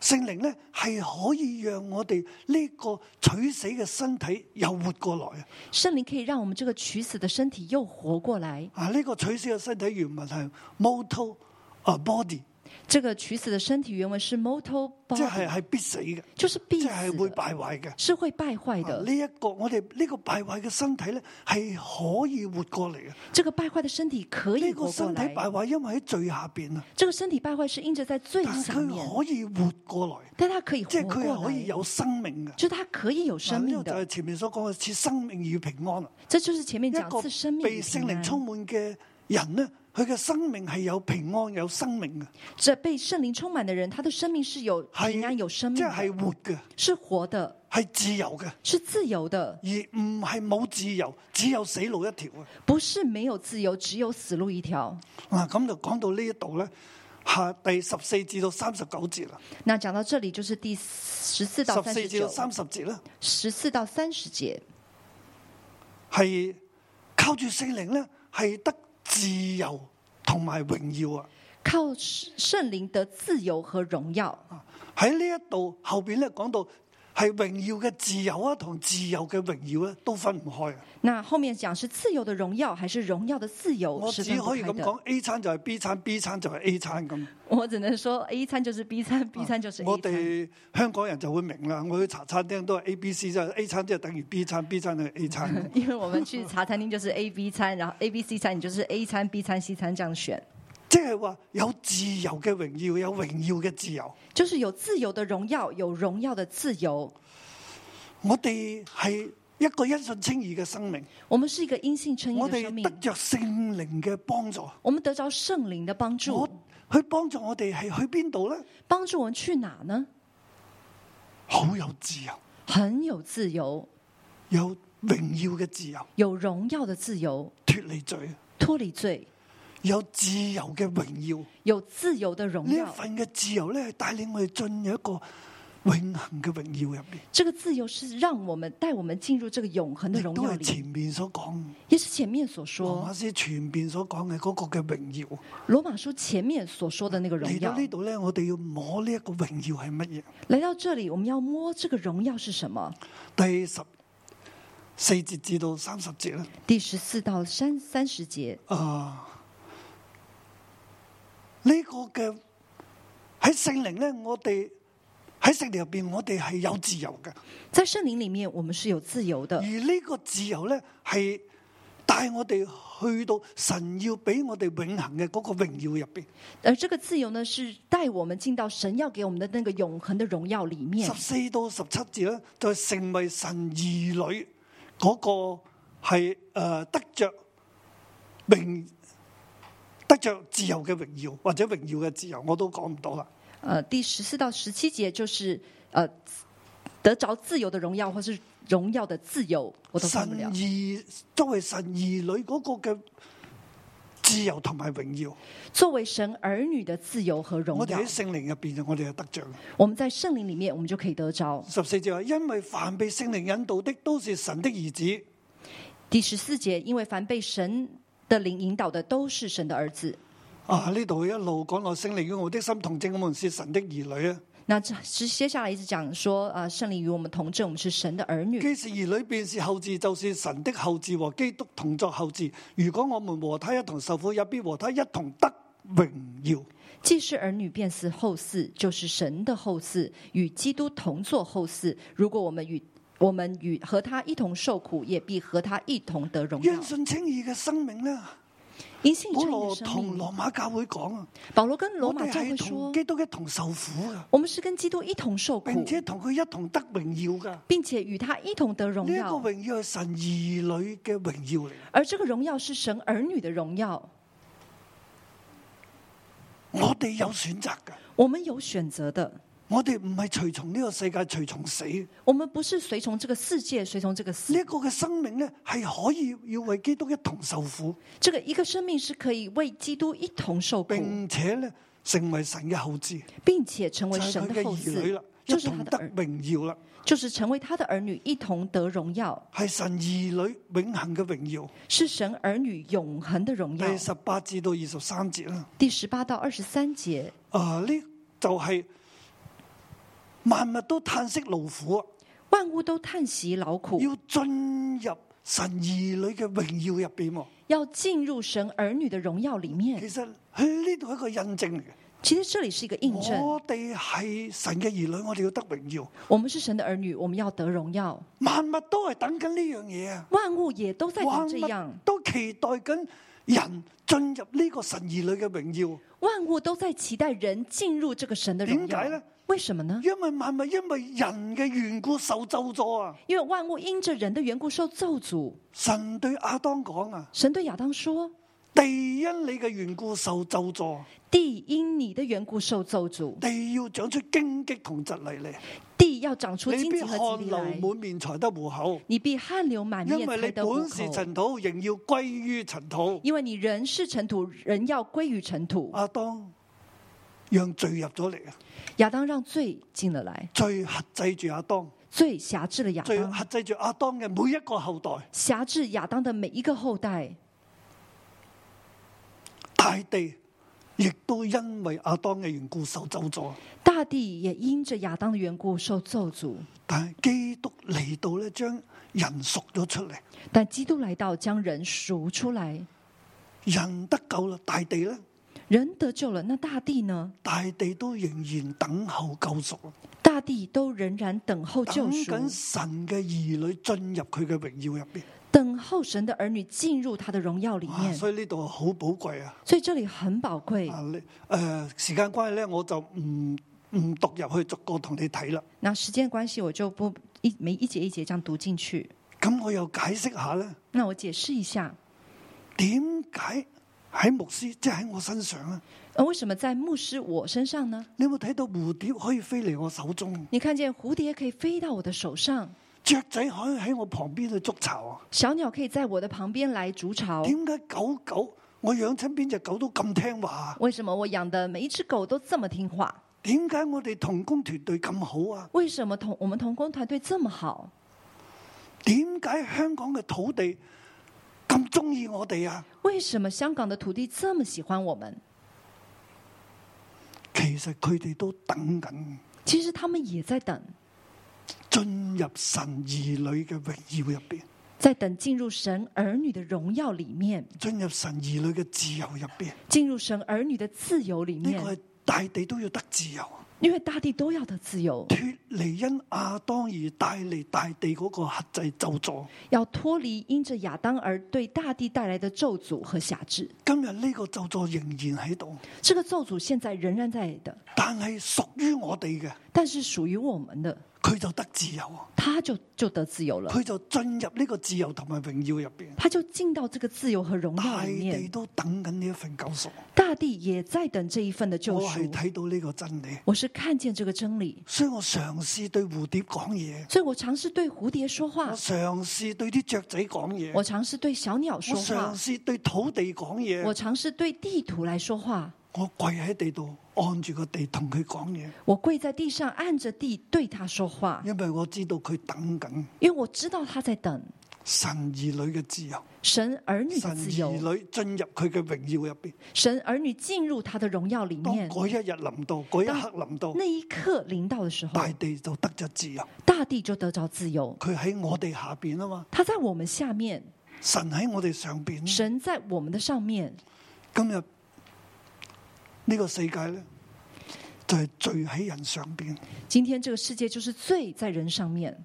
Speaker 2: 聖靈呢係、啊、嗯、可以讓我哋呢個取死嘅身體又活過來。聖靈可以讓我們這個取死嘅身體又活過來。啊，呢、這個取死嘅身體原文係 mortal body。這個取死的身體原文是 mortal body，即係係必死嘅，就是必即係、就是、會敗壞嘅，是會敗壞的。呢、這、一個我哋呢個敗壞嘅身體咧，係可以活過嚟嘅。這個敗壞的身體可以活過嚟，這個身體敗壞，因為喺最下邊啊。這個身體敗壞是因着在最上面。但係佢可以活過來，但係佢可以即係佢係可以有生命嘅，就係它可以有生命。就係前面所講嘅賜生命與平安啦。這就是前面講賜生命與平安。一個被聖靈充滿嘅人呢？佢嘅生命係有平安有生命嘅。這被聖靈充滿嘅人，他的生命是有平安有生命的，係、就是、活嘅，係活嘅，係自由嘅，係自由嘅，而唔係冇自由，只有死路一條啊！不是沒有自由，只有死路一條。啊，咁就講到呢一度咧，吓第十四至到三十九節啦。嗱講到這裏就是第十四到三十九十四到三十節啦，十四到三十節係靠住聖靈咧，係得。自由同埋榮耀啊！靠聖靈得自由和榮耀，和耀啊！喺呢一度後邊咧講到。係榮耀嘅自由啊，同自由嘅榮耀咧、啊，都分唔開啊！那後面講是自由的榮耀，還是榮耀的自由的？我只可以咁講，A 餐就係 B 餐，B 餐就係 A 餐咁。我只能說 A 餐就是 B 餐，B 餐就是 A 餐。啊、我哋香港人就會明啦，我去茶餐廳都係 A B C 餐，A 餐即係等於 B 餐，B 餐等於 A 餐。 [laughs] 因為我們去茶餐廳就是 A B 餐， [laughs] 然後 A B C 餐，你就是 A 餐、B 餐、C 餐這樣選。即係話有自由嘅榮耀，有榮耀嘅自由，就是有自由的榮耀，有榮耀的自由。我哋係一個因信稱義嘅生命，我們是一個因信稱義嘅生命，我哋得着聖靈嘅幫助，我們得着聖靈的幫助，去幫助我哋係去邊度咧？幫助我們去哪呢？好有自由，很有自由，有榮耀嘅自由，有榮耀的自由，脱離罪，脱離罪。有自由嘅榮耀，有自由的榮耀，呢份嘅自由咧，帶領我哋進入一個永恆嘅榮耀入邊。這個自由是讓我們帶我們進入這個永恆的榮耀裏。前面所講，也是前面所說。羅馬書前面所講嘅嗰個嘅榮耀。羅馬書前面所說的那個榮耀。嚟到呢度咧，我哋要摸呢一個榮耀係乜嘢？嚟到這裏，我們要摸這個榮耀是什麼？第十四節至到三十節啦。第十四到三三十節啊。呃呢、這個嘅喺聖靈咧，我哋喺聖靈入邊，我哋係有自由嘅。在聖靈裏面我，裏面我們是有自由的。而呢個自由咧，係帶我哋去到神要俾我哋永恒嘅嗰個榮耀入邊。而呢個自由呢，是帶我們進到神要給我們的那個永恒的榮耀裏面。十四到十七節咧，就是、成為神兒女嗰、那個係誒、呃，得着名。得着自由嘅榮耀或者榮耀嘅自由，我都講唔到啦。誒，第十四到十七節就是誒，得着自由的榮耀或是榮耀的自由，我都講唔到。神作為神兒女嗰個嘅自由同埋榮耀，作為神兒女嘅自由和榮耀，我哋喺聖靈入邊就我哋就得着。我們在聖靈裡面，我們就可以得着。十四節話，因為凡被聖靈引導的，都是神的兒子。第十四節，因為凡被神。的靈引導的都是神的兒子啊！呢度一路講落聖靈與我的心同證，我們是神的兒女啊。那接下來一直講說啊，聖靈與我們同證，我們是神的兒女。既、啊、是兒女，兒女便是後嗣，就是神的後嗣和基督同作後嗣。如果我們和他一同受苦，也必和他一同得榮耀。既是兒女，便是後嗣，就是神的後嗣與基督同作後嗣。如果我們與我們與和他一同受苦，也必和他一同得榮耀。因信稱義嘅生命呢？咧，我同羅馬教會講，保羅跟羅馬教會說，我們是跟基督一同受苦，並且同佢一同得榮耀噶。並且與他一同得榮耀。呢一個榮耀係神兒女嘅榮耀嚟，而這個榮耀是神兒女嘅榮耀。我哋有選擇噶，我們有選擇的。我哋唔係隨從呢個世界，隨從死。我們不是隨從這個世界，隨從這個死。呢一個嘅生命呢，係可以要為基督一同受苦。這個一個生命是可以為基督一同受苦，並且呢，成為神嘅後子，並且成為神嘅兒女啦，就是得榮耀啦，就是成為他的兒女、就是、的兒女一同得榮耀，係神兒女永恆嘅榮耀，是神兒女永恆嘅榮，榮耀。第十八至到二十三節啦，第十八到二十三節。啊，呢就係、是。萬物都嘆息勞苦，萬物都嘆息勞苦。要進入神兒女嘅榮耀入邊，要進入神兒女嘅榮耀裏面。其實呢度係一個印證嚟嘅。其實這裏是一個印證。我哋係神嘅兒女，我哋要得榮耀。我們是神嘅兒女，我們要得榮耀。萬物都係等緊呢樣嘢啊！萬物也都在等這樣，都期待緊人進入呢個神兒女嘅榮耀。萬物都在期待人進入這個神嘅榮耀。點解咧？為什麼呢？因為萬物因為人嘅緣故受咒詛啊！因為萬物因着人的緣故受咒詛。神對亞當講啊！神對亞當說：地因你嘅緣故受咒詛。地因你的緣故受咒詛。地要長出荊棘同蒺藜嚟。地要長出荊棘和蒺藜來。你必汗流滿面才得糊口。你必汗流滿面才得糊口,口。因為你本是塵土，仍要歸於塵土。因為你人是塵土，人要歸於塵土。亞當。讓罪入咗嚟啊！亞當讓罪進咗嚟，罪轄制住亞當，罪轄制了亞當，轄制住亞當嘅每一個後代，轄制亞當嘅每一個後代，大地亦都因為亞當嘅緣故受咒詛。大地也因着亞當嘅緣故受咒詛。但係基督嚟到咧，將人贖咗出嚟。但基督嚟到，將人贖出嚟，人得救啦！大地咧。人得救了，那大地呢？大地都仍然等候救贖，大地都仍然等候救贖，等緊神嘅兒女進入佢嘅榮耀入邊，等候神嘅兒女進入他的榮耀裡面。所以呢度好寶貴啊！所以這裡很寶貴，啊啊。你誒、呃，時間關係咧，我就唔唔讀入去，逐個同你睇啦。那時間關係，我就不一每一節一節這樣讀進去。咁我又解釋下咧。那我解釋一下，點解？喺牧師，即係喺我身上啊！啊為什麼在牧師我身上呢？你有冇睇到蝴蝶可以飛嚟我手中？你看見蝴蝶可以飛到我的手上？雀仔可以喺我旁邊去築巢啊！小鳥可以在我的旁邊來築巢。點解狗狗我養親邊隻狗都咁聽話？為什麼我養的每一隻狗都這麼聽話？點解我哋同工團隊咁好啊？為什麼同我們同工團隊這麼好？點解香港嘅土地？咁中意我哋啊！為什麼香港嘅土地這麼喜歡我們？其實佢哋都等緊。其實他們也在等進入神兒女嘅榮耀入邊，在等進入神兒女嘅榮耀裏面，進入神兒女嘅自由入邊，進入神兒女嘅自由裏面，呢、這個係大地都要得自由。因為大地都要得自由，脫離因亞當而帶嚟大地嗰個限制咒詛，要脫離因着亞當而對大地帶來的咒詛和轄制。今日呢個咒詛仍然喺度，這個咒詛現在仍然在的，但係屬於我哋嘅，但是屬於我們的。佢就得自由，他就就得自由了。佢就進入呢個自由同埋榮耀入邊，他就進到這個自由和榮耀裏面。大地都等緊呢一份救贖，大地也在等這一份的救贖。我係睇到呢個真理，我是看見這個真理。所以我嘗試對蝴蝶講嘢，所以我嘗試對蝴蝶說話。我嘗試對啲雀仔講嘢，我嘗試對小鳥說話。我嘗試對土地講嘢，我嘗試對地圖來說話。我跪喺地度。按住個地同佢講嘢，我跪在地上按着地對他說話，因為我知道佢等緊，因為我知道他在等神兒女嘅自由，神兒女神兒女進入佢嘅榮耀入邊，神兒女進入他的榮耀裏面。嗰一日臨到，嗰一刻臨到，那一刻臨到嘅時候，大地就得咗自由，大地就得咗自由。佢喺我哋下邊啊嘛，他在我們下面，神喺我哋上邊，神在我們的上面。今日。呢、這個世界咧，就係罪喺人上邊。今天這個世界就是罪在人上面。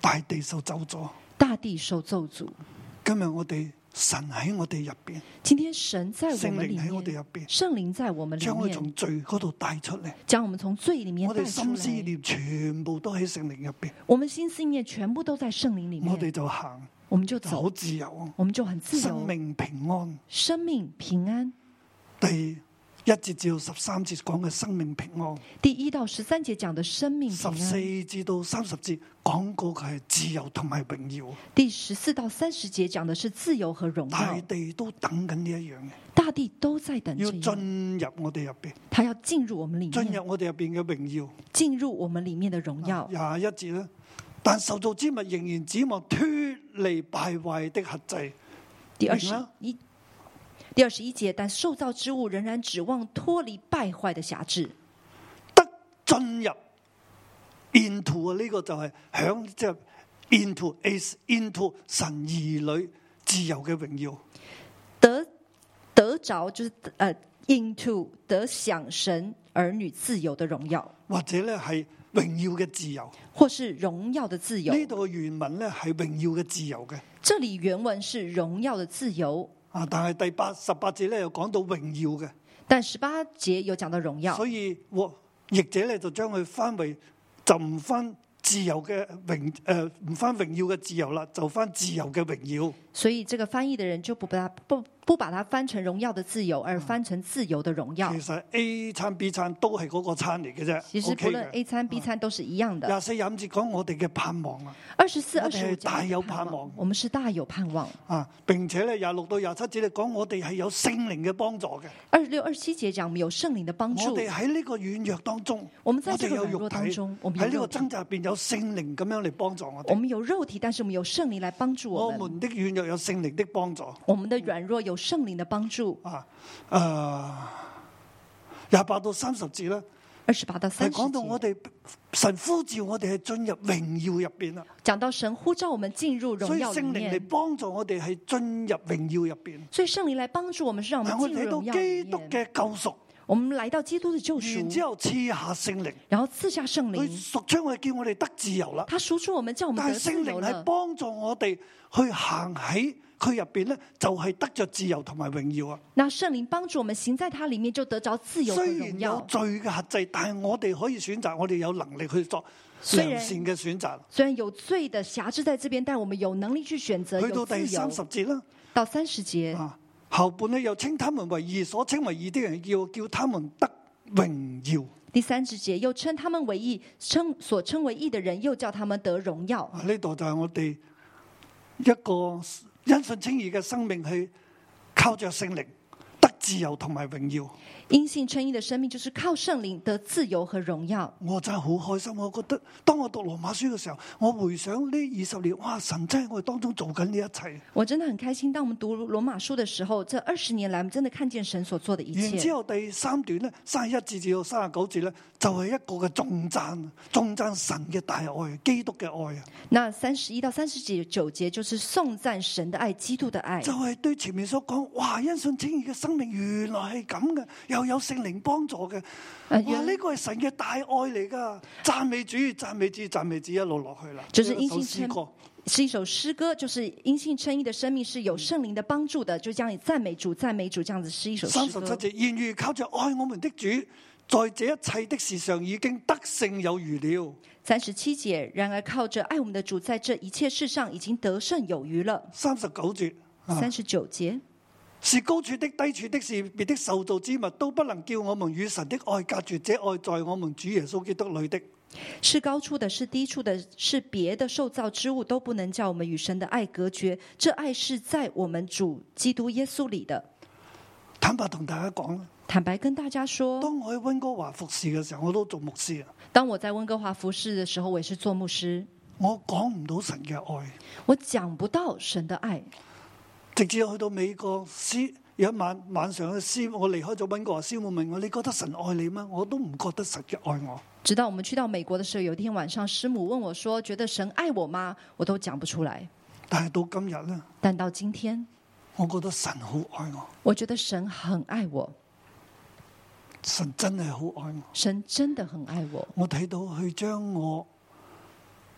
Speaker 2: 大地受咒詛，大地受咒詛。今日我哋神喺我哋入邊。今天神在我們裏邊，聖靈喺我哋入邊，聖靈在我們，在我們將我們從罪嗰度帶出嚟，將我們從罪裏面帶出來。我哋心思念全部都喺聖靈入邊，我們心思念全部都在聖靈裏面。我哋就行，我們就走就自由，我們就很自由，生命平安，生命平安。第。一節至到十三節講嘅生命平安，第一到十三節講嘅生命平安。十四至到三十節講過係自由同埋榮耀。第十四到三十節講嘅是自由和榮耀。大地都等緊呢一樣嘅，大地都在等，要進入我哋入邊，佢要進入我們裏面，進入我哋入邊嘅榮耀，進入我們裏面嘅榮耀。啊，廿一節咧，但受造之物仍然指望脫離敗壞的轄制。第二十一。第二十一節，但受造之物仍然指望脫離敗壞的轄制。得進入 into 啊，呢個就係享即係 into is into 神兒女自由嘅榮耀。得得着就是誒、uh, into 得享神兒女自由的榮耀，或者咧係榮耀嘅自由，或是榮耀的自由。呢度嘅原文咧係榮耀嘅自由嘅，這裏原文是榮耀的自由的。啊！但係第八十八節咧又講到榮耀嘅，但十八節又講到榮耀，所以譯者咧就將佢翻為就唔翻自由嘅榮誒，唔、呃、翻榮耀嘅自由啦，就翻自由嘅榮耀。所以，這個翻譯的人就不不。不把它翻成榮耀的自由，而翻成自由的榮耀。其實 A 餐 B 餐都係嗰個餐嚟嘅啫。其實不論 A 餐 B 餐都是一樣的。廿四廿五節講我哋嘅盼望啊，二十四二大有盼望，我們是大有盼望啊，並且咧廿六到廿七節嚟講，我哋係有聖靈嘅幫助嘅。二六二七節講，我們有聖靈的幫助的。我哋喺呢個軟弱當中，我哋有肉體，喺呢個掙扎入邊有聖靈咁樣嚟幫助我哋。我們有肉體，但是我們有聖靈嚟幫助我。我們的軟弱有聖靈的幫助，我們的軟弱有。有聖靈嘅幫助啊，誒，廿八到三十節啦，二十八到三十係講到我哋神呼召我哋係進入榮耀入邊啦。講到神呼召我們進入榮耀，所以聖靈嚟幫助我哋係進入榮耀入邊。所以聖靈嚟幫助我們，是讓我們我哋到基督嘅救贖，我們嚟到基督嘅救贖之後，賜下聖靈，然後賜下聖靈，佢贖出我哋，叫我哋得自由啦。佢贖出我們之後，但係聖靈係幫助我哋去行喺。佢入邊咧就係、是、得着自由同埋榮耀啊！那聖靈幫助我們行在祂裡面，就得着自由榮耀。雖然有罪嘅轄制，但係我哋可以選擇，我哋有能力去作良善嘅選擇。雖然有罪嘅瑕疵在這邊，但我們有能力去選擇。去到第三十節啦，到三十節啊，後半呢又稱他們為義，所稱為義的人叫叫他們得榮耀。第三十節又稱他們為義，稱所稱為義的人又叫他們得榮耀。呢度就係我哋一個因信稱義嘅生命去靠著聖靈，得自由同埋榮耀。因信稱義的生命就是靠聖靈得自由和榮耀。我真係好開心，我覺得當我讀羅馬書嘅時候，我回想呢二十年，哇！神真係我哋當中做緊呢一切。我真的很開心，當我們讀羅馬書嘅時候，這二十年來，我真係看見神所做的一切。之後第三段咧，卅一字至到三十九字呢，就係、是、一個嘅頌讚，頌讚神嘅大愛，基督嘅愛啊。那三十一到三十節九節，就是頌讚神嘅愛，基督嘅愛。就係、是、對前面所講，哇！因信稱義嘅生命原來係咁嘅，有聖靈幫助嘅，而呢、這個係神嘅大愛嚟噶。讚美主，讚美主，讚美主，一路落去
Speaker 3: 啦。就是因信稱
Speaker 2: 義，是一首詩歌。就是因信稱義的生命是有聖靈的幫助的，就將你讚美主，讚美主，這樣子是一首詩。三十七節，然而靠着愛我們的主，在這一切的事上已經得勝有餘了。三十七節，然而靠着愛我們的主，在這一切事上已經得勝有餘了。三十九節，三十九節。是高處的、低處的、是別的受造之物，都不能叫我們與神的愛隔絕。這愛在我們主耶穌基督裏的。是高處的、是低處的、是別的受造之物，都不能叫我們與神的愛隔絕。這愛是在我們主基督耶穌裏的。坦白同大家講，坦白跟大家說，當我喺溫哥華服侍嘅時候，我都做牧師。當我在溫哥華服侍嘅時候，我也是做牧師。我講唔到神嘅愛，我講不到神的愛。直至去到美國，師有一晚晚上師我離開咗溫哥華，師母問我你覺得神愛你嗎？我都唔覺得神嘅愛我。直到我們去到美國的時候，有一天晚上，師母問我說：覺得神愛我嗎？我都講不出來。但係到今日呢？但到今天，我覺得神好愛我。我覺得神很愛我。神真係好愛我。神真的很愛我。我睇到佢將我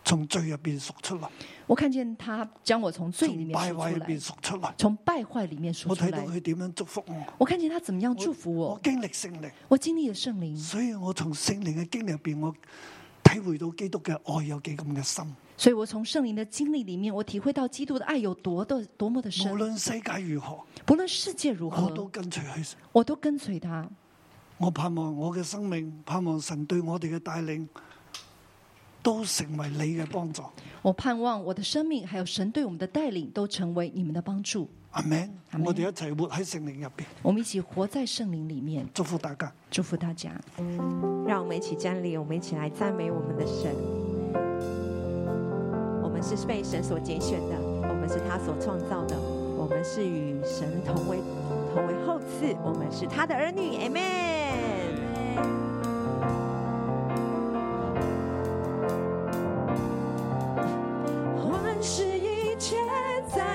Speaker 2: 從罪入邊贖出來，我看見他將我從罪裏面贖出來，從敗壞裏面贖出來。我睇到佢點樣祝福我，我看見他怎麼樣祝福我，我。我經歷聖靈，我經歷了聖靈，所以我從聖靈嘅經歷入邊，我體會到基督嘅愛有幾咁嘅深。所以我從聖靈嘅經歷裏面，我體會到基督嘅愛有多的、多麼嘅深。無論世界如何，不論世界如何，我都跟隨佢，我都跟隨他。我盼望我嘅生命，盼望神對我哋嘅帶領，都成為你嘅幫助。我盼望我的生命，還有神對我們的帶領，都成為你們的幫助。阿門。阿門。我哋一齊活喺聖靈入邊。我們一起活在聖靈裏面。祝福大家，祝福大家。讓我們一起站立，我們一起
Speaker 1: 來讚美我們的神。我們是被神所揀選的，我們是他所創造的，我們是與神同為同為後嗣，我們是他的兒女。阿門。Amen.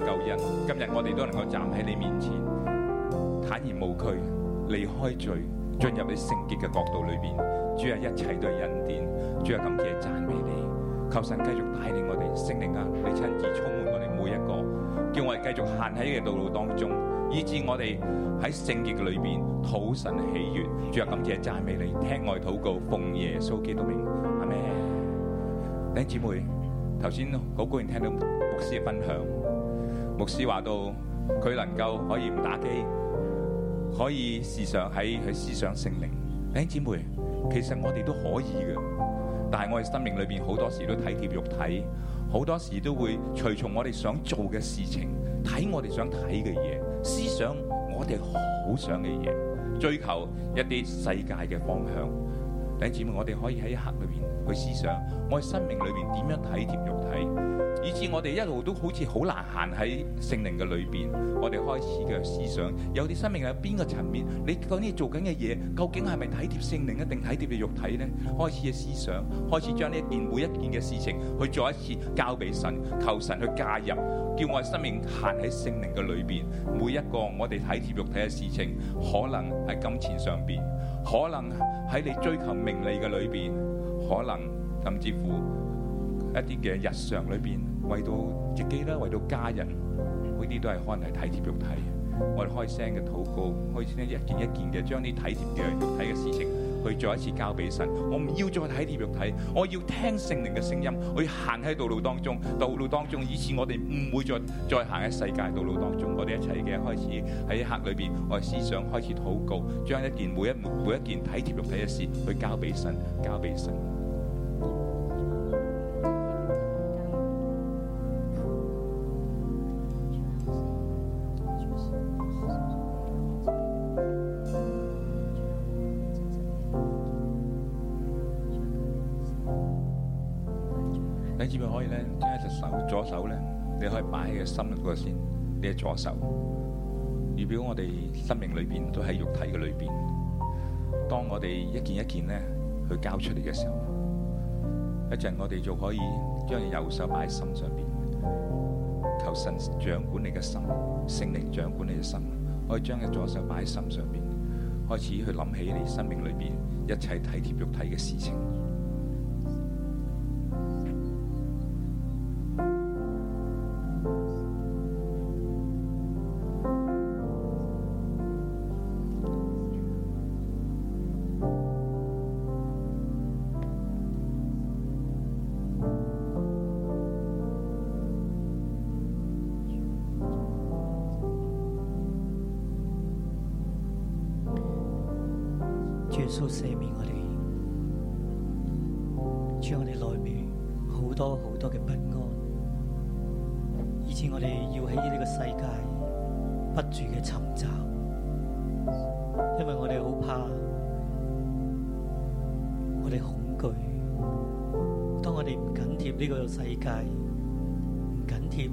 Speaker 4: 救恩，今日我哋都能夠站喺你面前，坦然無懼，離開罪，進入你聖潔嘅國度裏邊。主啊，一切都係恩典，主啊，感謝讚美你。求神繼續帶領我哋，聖靈啊，你親自充滿我哋每一個，叫我哋繼續行喺呢個道路當中，以致我哋喺聖潔嘅裏邊討神喜悅。主啊，感謝讚美你，聽我哋禱告，奉耶穌基督名，阿門。弟兄姊妹，頭先好高興聽到牧師嘅分享。牧師話到，佢能夠可以唔打機，可以時常喺佢思想聖靈。誒，姊妹，其實我哋都可以嘅，但係我哋心靈裏邊好多時都體貼肉體，好多時都會隨從我哋想做嘅事情，睇我哋想睇嘅嘢，思想我哋好想嘅嘢，追求一啲世界嘅方向。弟兄姊妹，我哋可以喺一刻裏邊去思想，我哋生命裏邊點樣體貼肉體，以至我哋一路都好似好難行喺聖靈嘅裏邊。我哋開始嘅思想，有啲生命喺邊個層面？你究竟做緊嘅嘢，究竟係咪體貼聖靈，定體貼嘅肉體呢？開始嘅思想，開始將呢一件每一件嘅事情去做一次交俾神，求神去介入，叫我哋生命行喺聖靈嘅裏邊。每一個我哋體貼肉體嘅事情，可能喺金錢上邊。可能喺你追求名利嘅裏邊，可能甚至乎一啲嘅日常裏邊，為到自己啦，為到家人，呢啲都係可能係體貼肉體，我哋開聲嘅禱告，開始咧一件一件嘅將啲體貼嘅肉體嘅事情。去再一次交俾神，我唔要再體貼肉體，我要聽聖靈嘅聲音，去行喺道路當中，道路當中，以致我哋唔會再再行喺世界道路當中，我哋一切嘅開始喺客裏邊，我思想開始禱告，將一件每一件每一件體貼肉體嘅事去交俾神，交俾神。心嗰先，呢隻左手，預表我哋生命裏邊都喺肉體嘅裏邊。當我哋一件一件呢去交出嚟嘅時候，一陣我哋就可以將你右手擺喺心上邊，求神掌管你嘅心，聖靈掌管你嘅心，可以將你左手擺喺心上邊，開始去諗起你生命裏邊一切體貼肉體嘅事情。
Speaker 5: 讓我哋內面好多好多嘅不安，以至我哋要喺呢個世界不住嘅尋找，因為我哋好怕，我哋恐懼。當我哋唔緊貼呢個世界，唔緊貼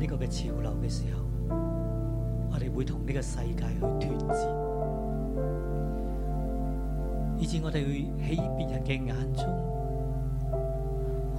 Speaker 5: 呢個嘅潮流嘅時候，我哋會同呢個世界去脫節，以至我哋會喺別人嘅眼中。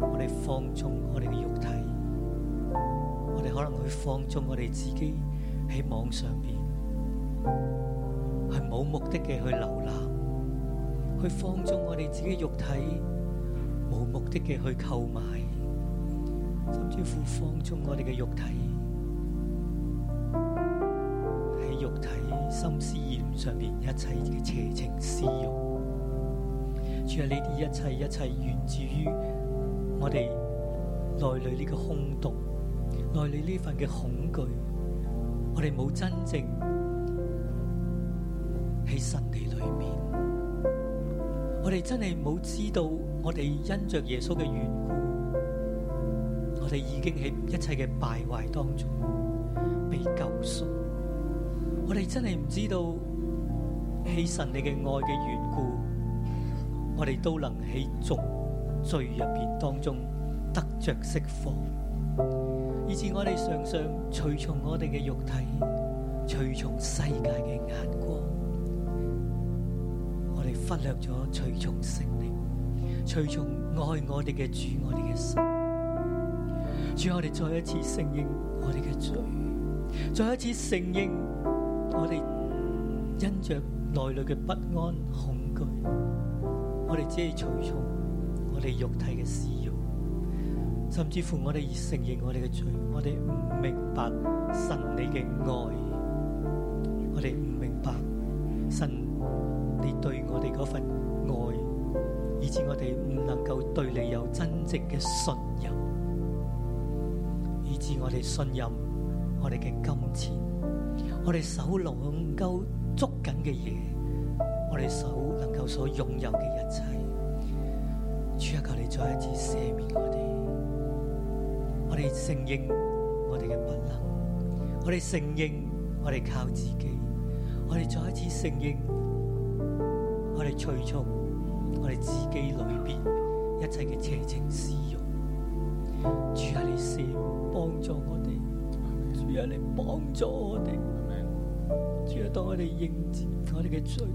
Speaker 5: 我哋放縱我哋嘅肉體，我哋可能會放縱我哋自己喺網上邊係冇目的嘅去瀏覽，去放縱我哋自己肉體冇目的嘅去購買，甚至乎放縱我哋嘅肉體喺肉體心思意念上面一切嘅邪情私慾，其實呢啲一切一切源自於。我哋內裏呢個空洞，內裏呢份嘅恐懼，我哋冇真正喺神嘅裏面。我哋真係冇知道，我哋因着耶穌嘅緣故，我哋已經喺一切嘅敗壞當中被救贖。我哋真係唔知道，喺神你嘅愛嘅緣故，我哋都能喺眾。罪入邊當中得着釋放，以致我哋常常隨從我哋嘅肉體，隨從世界嘅眼光，我哋忽略咗隨從聖靈，隨從愛我哋嘅主，我哋嘅神。主，我哋再一次承認我哋嘅罪，再一次承認我哋因着內裏嘅不安恐懼，我哋只係隨從。我哋肉體嘅私欲，甚至乎我哋承認我哋嘅罪，我哋唔明白神你嘅愛，我哋唔明白神你對我哋嗰份愛，以致我哋唔能夠對你有真正嘅信任，以致我哋信任我哋嘅金錢，我哋手能夠勾捉緊嘅嘢，我哋手能夠所擁有嘅一切。主啊，求你再一次赦免我哋。我哋承認我哋嘅不能，我哋承認我哋靠自己，我哋再一次承認我哋隨從我哋自己裏邊 our our 一切嘅邪情私欲。主啊，你赦，幫助我哋。主啊，你幫助我哋。主啊，當我哋認我罪，我哋嘅罪。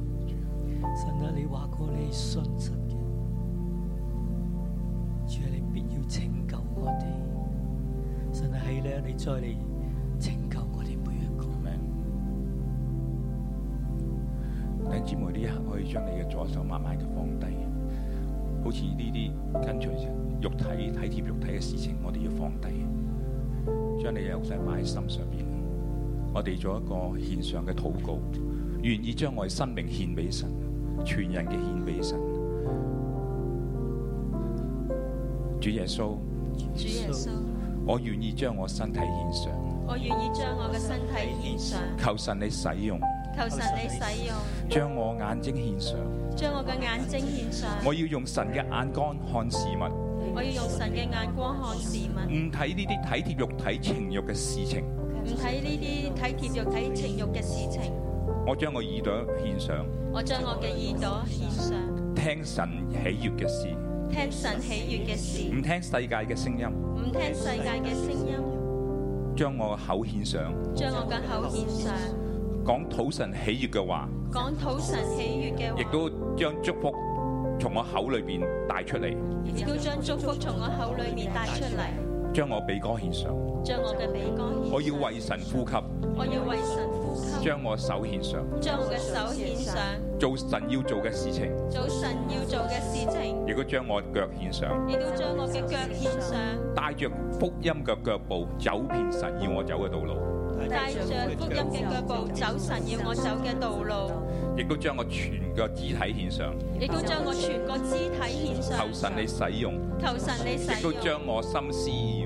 Speaker 5: 神啊，你話過你信神。你咧，你再嚟拯救我哋每一個人。阿妹，
Speaker 4: 弟兄姊妹，呢一刻可以將你嘅左手慢慢咁放低，好似呢啲跟隨住肉體體貼肉體嘅事情，我哋要放低，將你右手擺喺心上邊。我哋做一個獻上嘅禱告，願意將我嘅生命獻俾神，全人嘅獻俾神。主耶穌，
Speaker 3: 主耶穌。
Speaker 4: 我願意將我身體獻上，
Speaker 1: 我願意將我嘅身體獻上。
Speaker 4: 求神你使用，
Speaker 1: 求神你使用，將
Speaker 4: 我眼睛獻上，
Speaker 1: 將我嘅眼睛獻上。我
Speaker 4: 要用神嘅眼光看事物，
Speaker 1: 我要用神嘅眼光看事物。唔
Speaker 4: 睇呢啲體貼肉體情欲嘅事情，唔睇呢啲體貼肉體情欲嘅事情。我將我耳朵獻上，
Speaker 1: 我將我嘅耳朵獻上，
Speaker 4: 聽神喜悦嘅事，
Speaker 1: 聽神喜悦嘅
Speaker 4: 事，唔聽世界嘅聲音。
Speaker 1: 唔聽世界嘅
Speaker 4: 聲音，將我口獻上，
Speaker 1: 將我嘅口獻上，
Speaker 4: 講土神喜悅嘅話，
Speaker 1: 講土神喜悅嘅話，亦都將祝福
Speaker 4: 從我口裏邊帶出嚟，亦都將祝福從我口裏面帶出嚟，
Speaker 1: 將我鼻哥獻上，
Speaker 4: 將我嘅鼻哥獻上，我要為神呼吸，
Speaker 1: 我要為神。
Speaker 4: 將我手獻上，
Speaker 1: 將我嘅手獻上，
Speaker 4: 做神要做嘅事情，
Speaker 1: 做神要做嘅事情，
Speaker 4: 亦都將我腳獻上，
Speaker 1: 亦都將我嘅腳獻上，
Speaker 4: 帶着福音嘅腳步走遍神要我走嘅道路，
Speaker 1: 帶着福音嘅腳步走神要我走嘅道路，
Speaker 4: 亦都將我全個肢體獻上，
Speaker 1: 亦都將我全個肢體獻上，求
Speaker 4: 神你使用，
Speaker 1: 求神你使用，亦都將
Speaker 4: 我心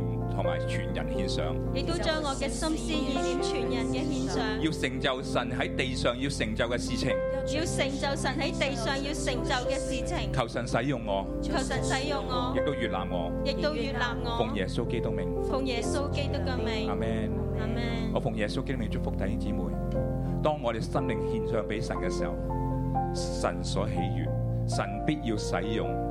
Speaker 4: 思。同埋全人獻上，
Speaker 1: 亦都將我嘅心思意念全人嘅獻上，
Speaker 4: 要成就神喺地上要成就嘅事情，
Speaker 1: 要成就神喺地上要成就嘅事情，
Speaker 4: 求神使用我，求
Speaker 1: 神使用我，亦
Speaker 4: 都悅納我，
Speaker 1: 亦都悅納我，奉
Speaker 4: 耶穌基督名，
Speaker 1: 奉耶穌基督嘅名，阿門，
Speaker 4: 阿門。我奉耶穌基督嘅名祝福弟兄姊妹，當我哋生命獻上俾神嘅時候，神所喜悅，神必要使用。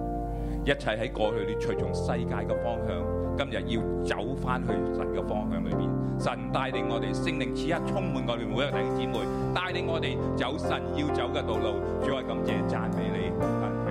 Speaker 4: 一切喺過去，你隨從世界嘅方向，今日要走返去神嘅方向裏面。神帶領我哋聖靈，此刻充滿我哋每一位弟兄姊妹，帶領我哋走神要走嘅道路。主愛感謝讚美你。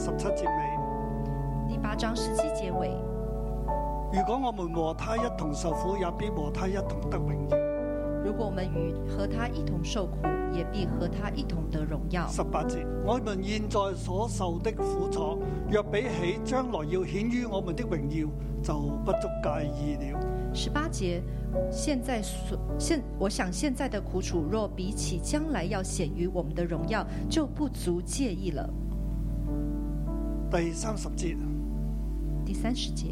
Speaker 2: 十七節尾。第八章十七結尾。如果我們和他一同受苦，也必和他一同得榮耀。如果我們與和他一同受苦，也必和他一同得榮耀。十八節，我們現在所受的苦楚，若比起將來要顯於我們的榮耀，就不足介意了。十八節，現在所現，我想現在的苦楚，若比起將來要顯於我們的榮耀，就不足介意了。第三十節。第三十節，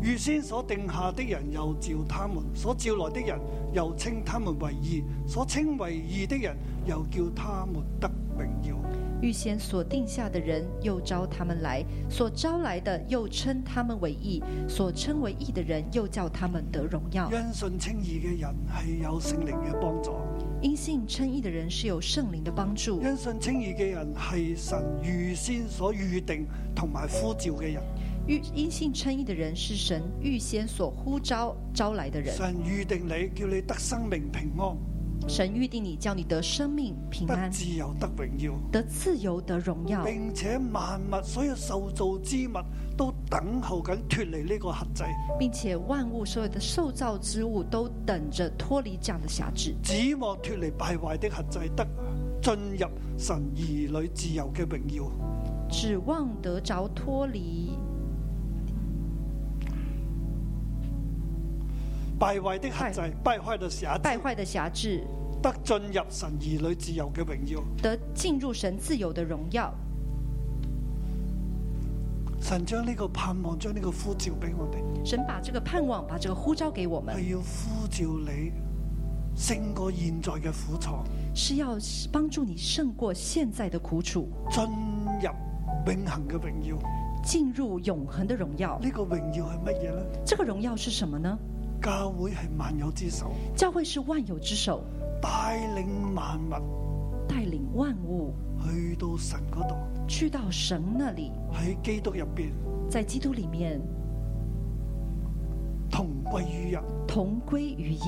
Speaker 2: 預先所定下的人，又召他們；所召來的人，又稱他們為義；所稱為義的人，又叫他們得榮耀。預先所定下的人，又召他們來；所招來的，又稱他們為義；所稱為義的人，又叫他們得榮耀。因信稱義嘅人係有聖靈嘅幫助。因信稱義的人是有聖靈的幫助。因信稱義嘅人係神預先所預定同埋呼召嘅人。因信稱義的人是神預先所呼召招來的人。神預定你，叫你得生命平安。神預定你，叫你得生命平安，自由得榮耀，得自由得榮耀，並且萬物所有受造之物都等候緊脫離呢個轄制，並且萬物所有的受造之物都等着脫離這樣的轄制，指望脫離敗壞的轄制，得進入神兒女自由嘅榮耀，指望得着脫離。敗壞的轄制，敗壞的轄制，得進入神兒女自由嘅榮耀，得進入神自由嘅榮耀。神將呢個盼望，將呢個呼召俾我哋。神把這個盼望，把這個呼召給我們。係要呼召你勝過現在嘅苦楚，是要幫助你勝過現在嘅苦楚，進入永恆嘅榮耀，進入永恆嘅榮耀。呢個榮耀係乜嘢呢？這個榮耀是什麼呢？教會係萬有之首，教會是萬有之首，帶領萬物，帶領萬物去到神嗰度，去到神那裏，喺基督入邊，在基督裏面，同歸於一，同歸於一，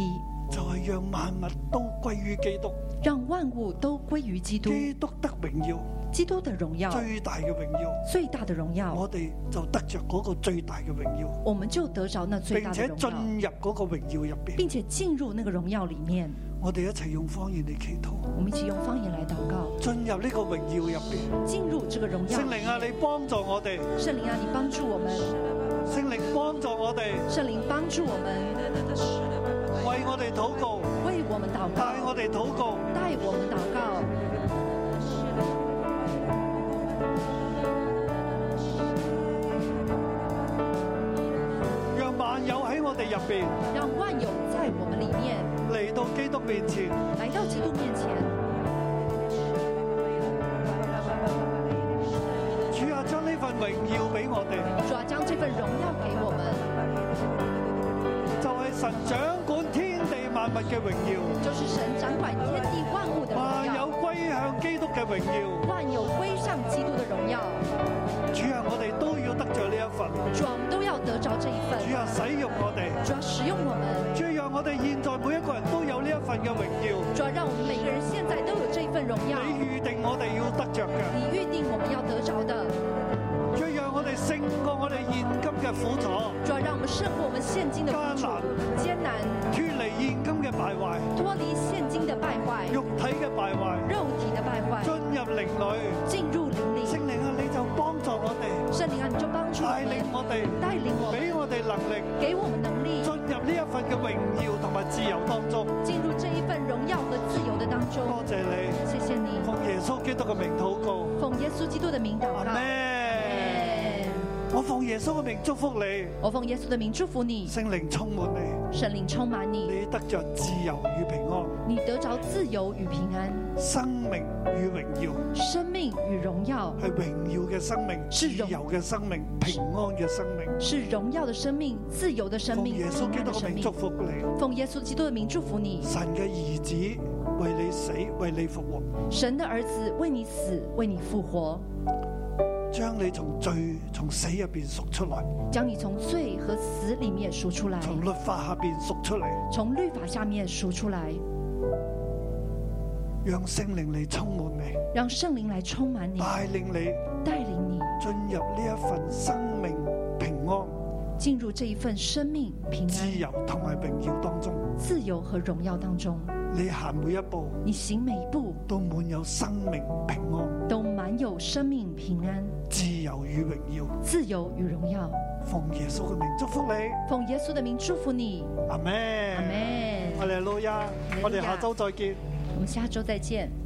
Speaker 2: 就係、是、讓萬物都歸於基督，讓萬物都歸於基督，基督得榮耀。基督的榮耀，最大嘅榮耀，最大的榮耀，我哋就得着嗰個最大嘅榮耀，我們就得着那最大嘅榮耀，並且進入嗰個榮耀入邊，並且進入那個榮耀裏面，我哋一齊用方言嚟祈禱，我們一起用方言來禱告，進入呢個榮耀入邊，進入這個榮耀裏面，聖靈啊，你幫助我哋，聖靈啊，你幫助我們，聖靈幫助我哋，聖靈幫助我們，為我哋禱告，為我們禱告，帶我哋禱告，帶我們禱告。萬有喺我哋入邊，讓萬有在我們裏面，嚟到基督面前，嚟到基督面前。主啊，將呢份榮耀俾我哋，主啊，將這份榮耀給我們。就係神掌管天地萬物嘅榮耀，就是神掌管天地萬物的榮耀。萬有歸向基督嘅榮耀，萬有歸向基督嘅榮耀。主啊，我哋都要得着呢一份。主要使用我哋，主要使用我們，最讓我哋現在每一個人都有呢一份嘅榮耀，主要讓我們每個人現在都有這一份榮耀，你預定我哋要得着嘅，你預定我們要得着的，最讓我哋勝過我哋現今嘅苦楚，主要讓我們勝過我們現今嘅艱難、艱難，脫離現今嘅敗壞，脫離現今嘅敗壞，肉體嘅敗壞，肉體嘅敗壞，進入靈裏，進入靈裏，聖靈啊，你就幫助我哋。帶領我哋俾我哋能力，進入呢一份嘅榮耀同埋自由當中。進入這一份榮耀和自由的當中。多謝你，謝謝你。奉耶穌基督嘅名禱告。奉耶穌基督的名禱告。Amen 我奉耶穌嘅名祝福你。我奉耶穌嘅名祝福你。聖靈充滿你。神靈充滿你。你得着自由與平安。你得着自由與平安。生命與榮耀。生命與榮耀。係榮耀嘅生命，自由嘅生命，平安嘅生命。是，命是，是榮耀嘅生命，自由嘅生命，奉耶穌基督嘅名祝福你。奉耶穌基督嘅名祝福你。神嘅兒子為你死，為你復活。神嘅兒子為你死，為你復活。將你從罪從死入邊贖出來，將你從罪和死裏面贖出來，從律法下邊贖出嚟，從律法下面贖出來，讓聖靈嚟充滿你，讓聖靈來充滿你，帶領你帶領你進入呢一份生命平安，進入這一份生命平安，自由同埋榮耀當中，自由和榮耀當中，你行每一步，你行每一步都滿有生命平安，都滿有生命平安。自由與榮耀，自由與榮耀，奉耶穌嘅名祝福你，奉耶穌嘅名祝福你，阿門，阿門，Alleluia Alleluia. 我哋錄音，我哋下周再見，我們
Speaker 3: 下周再見。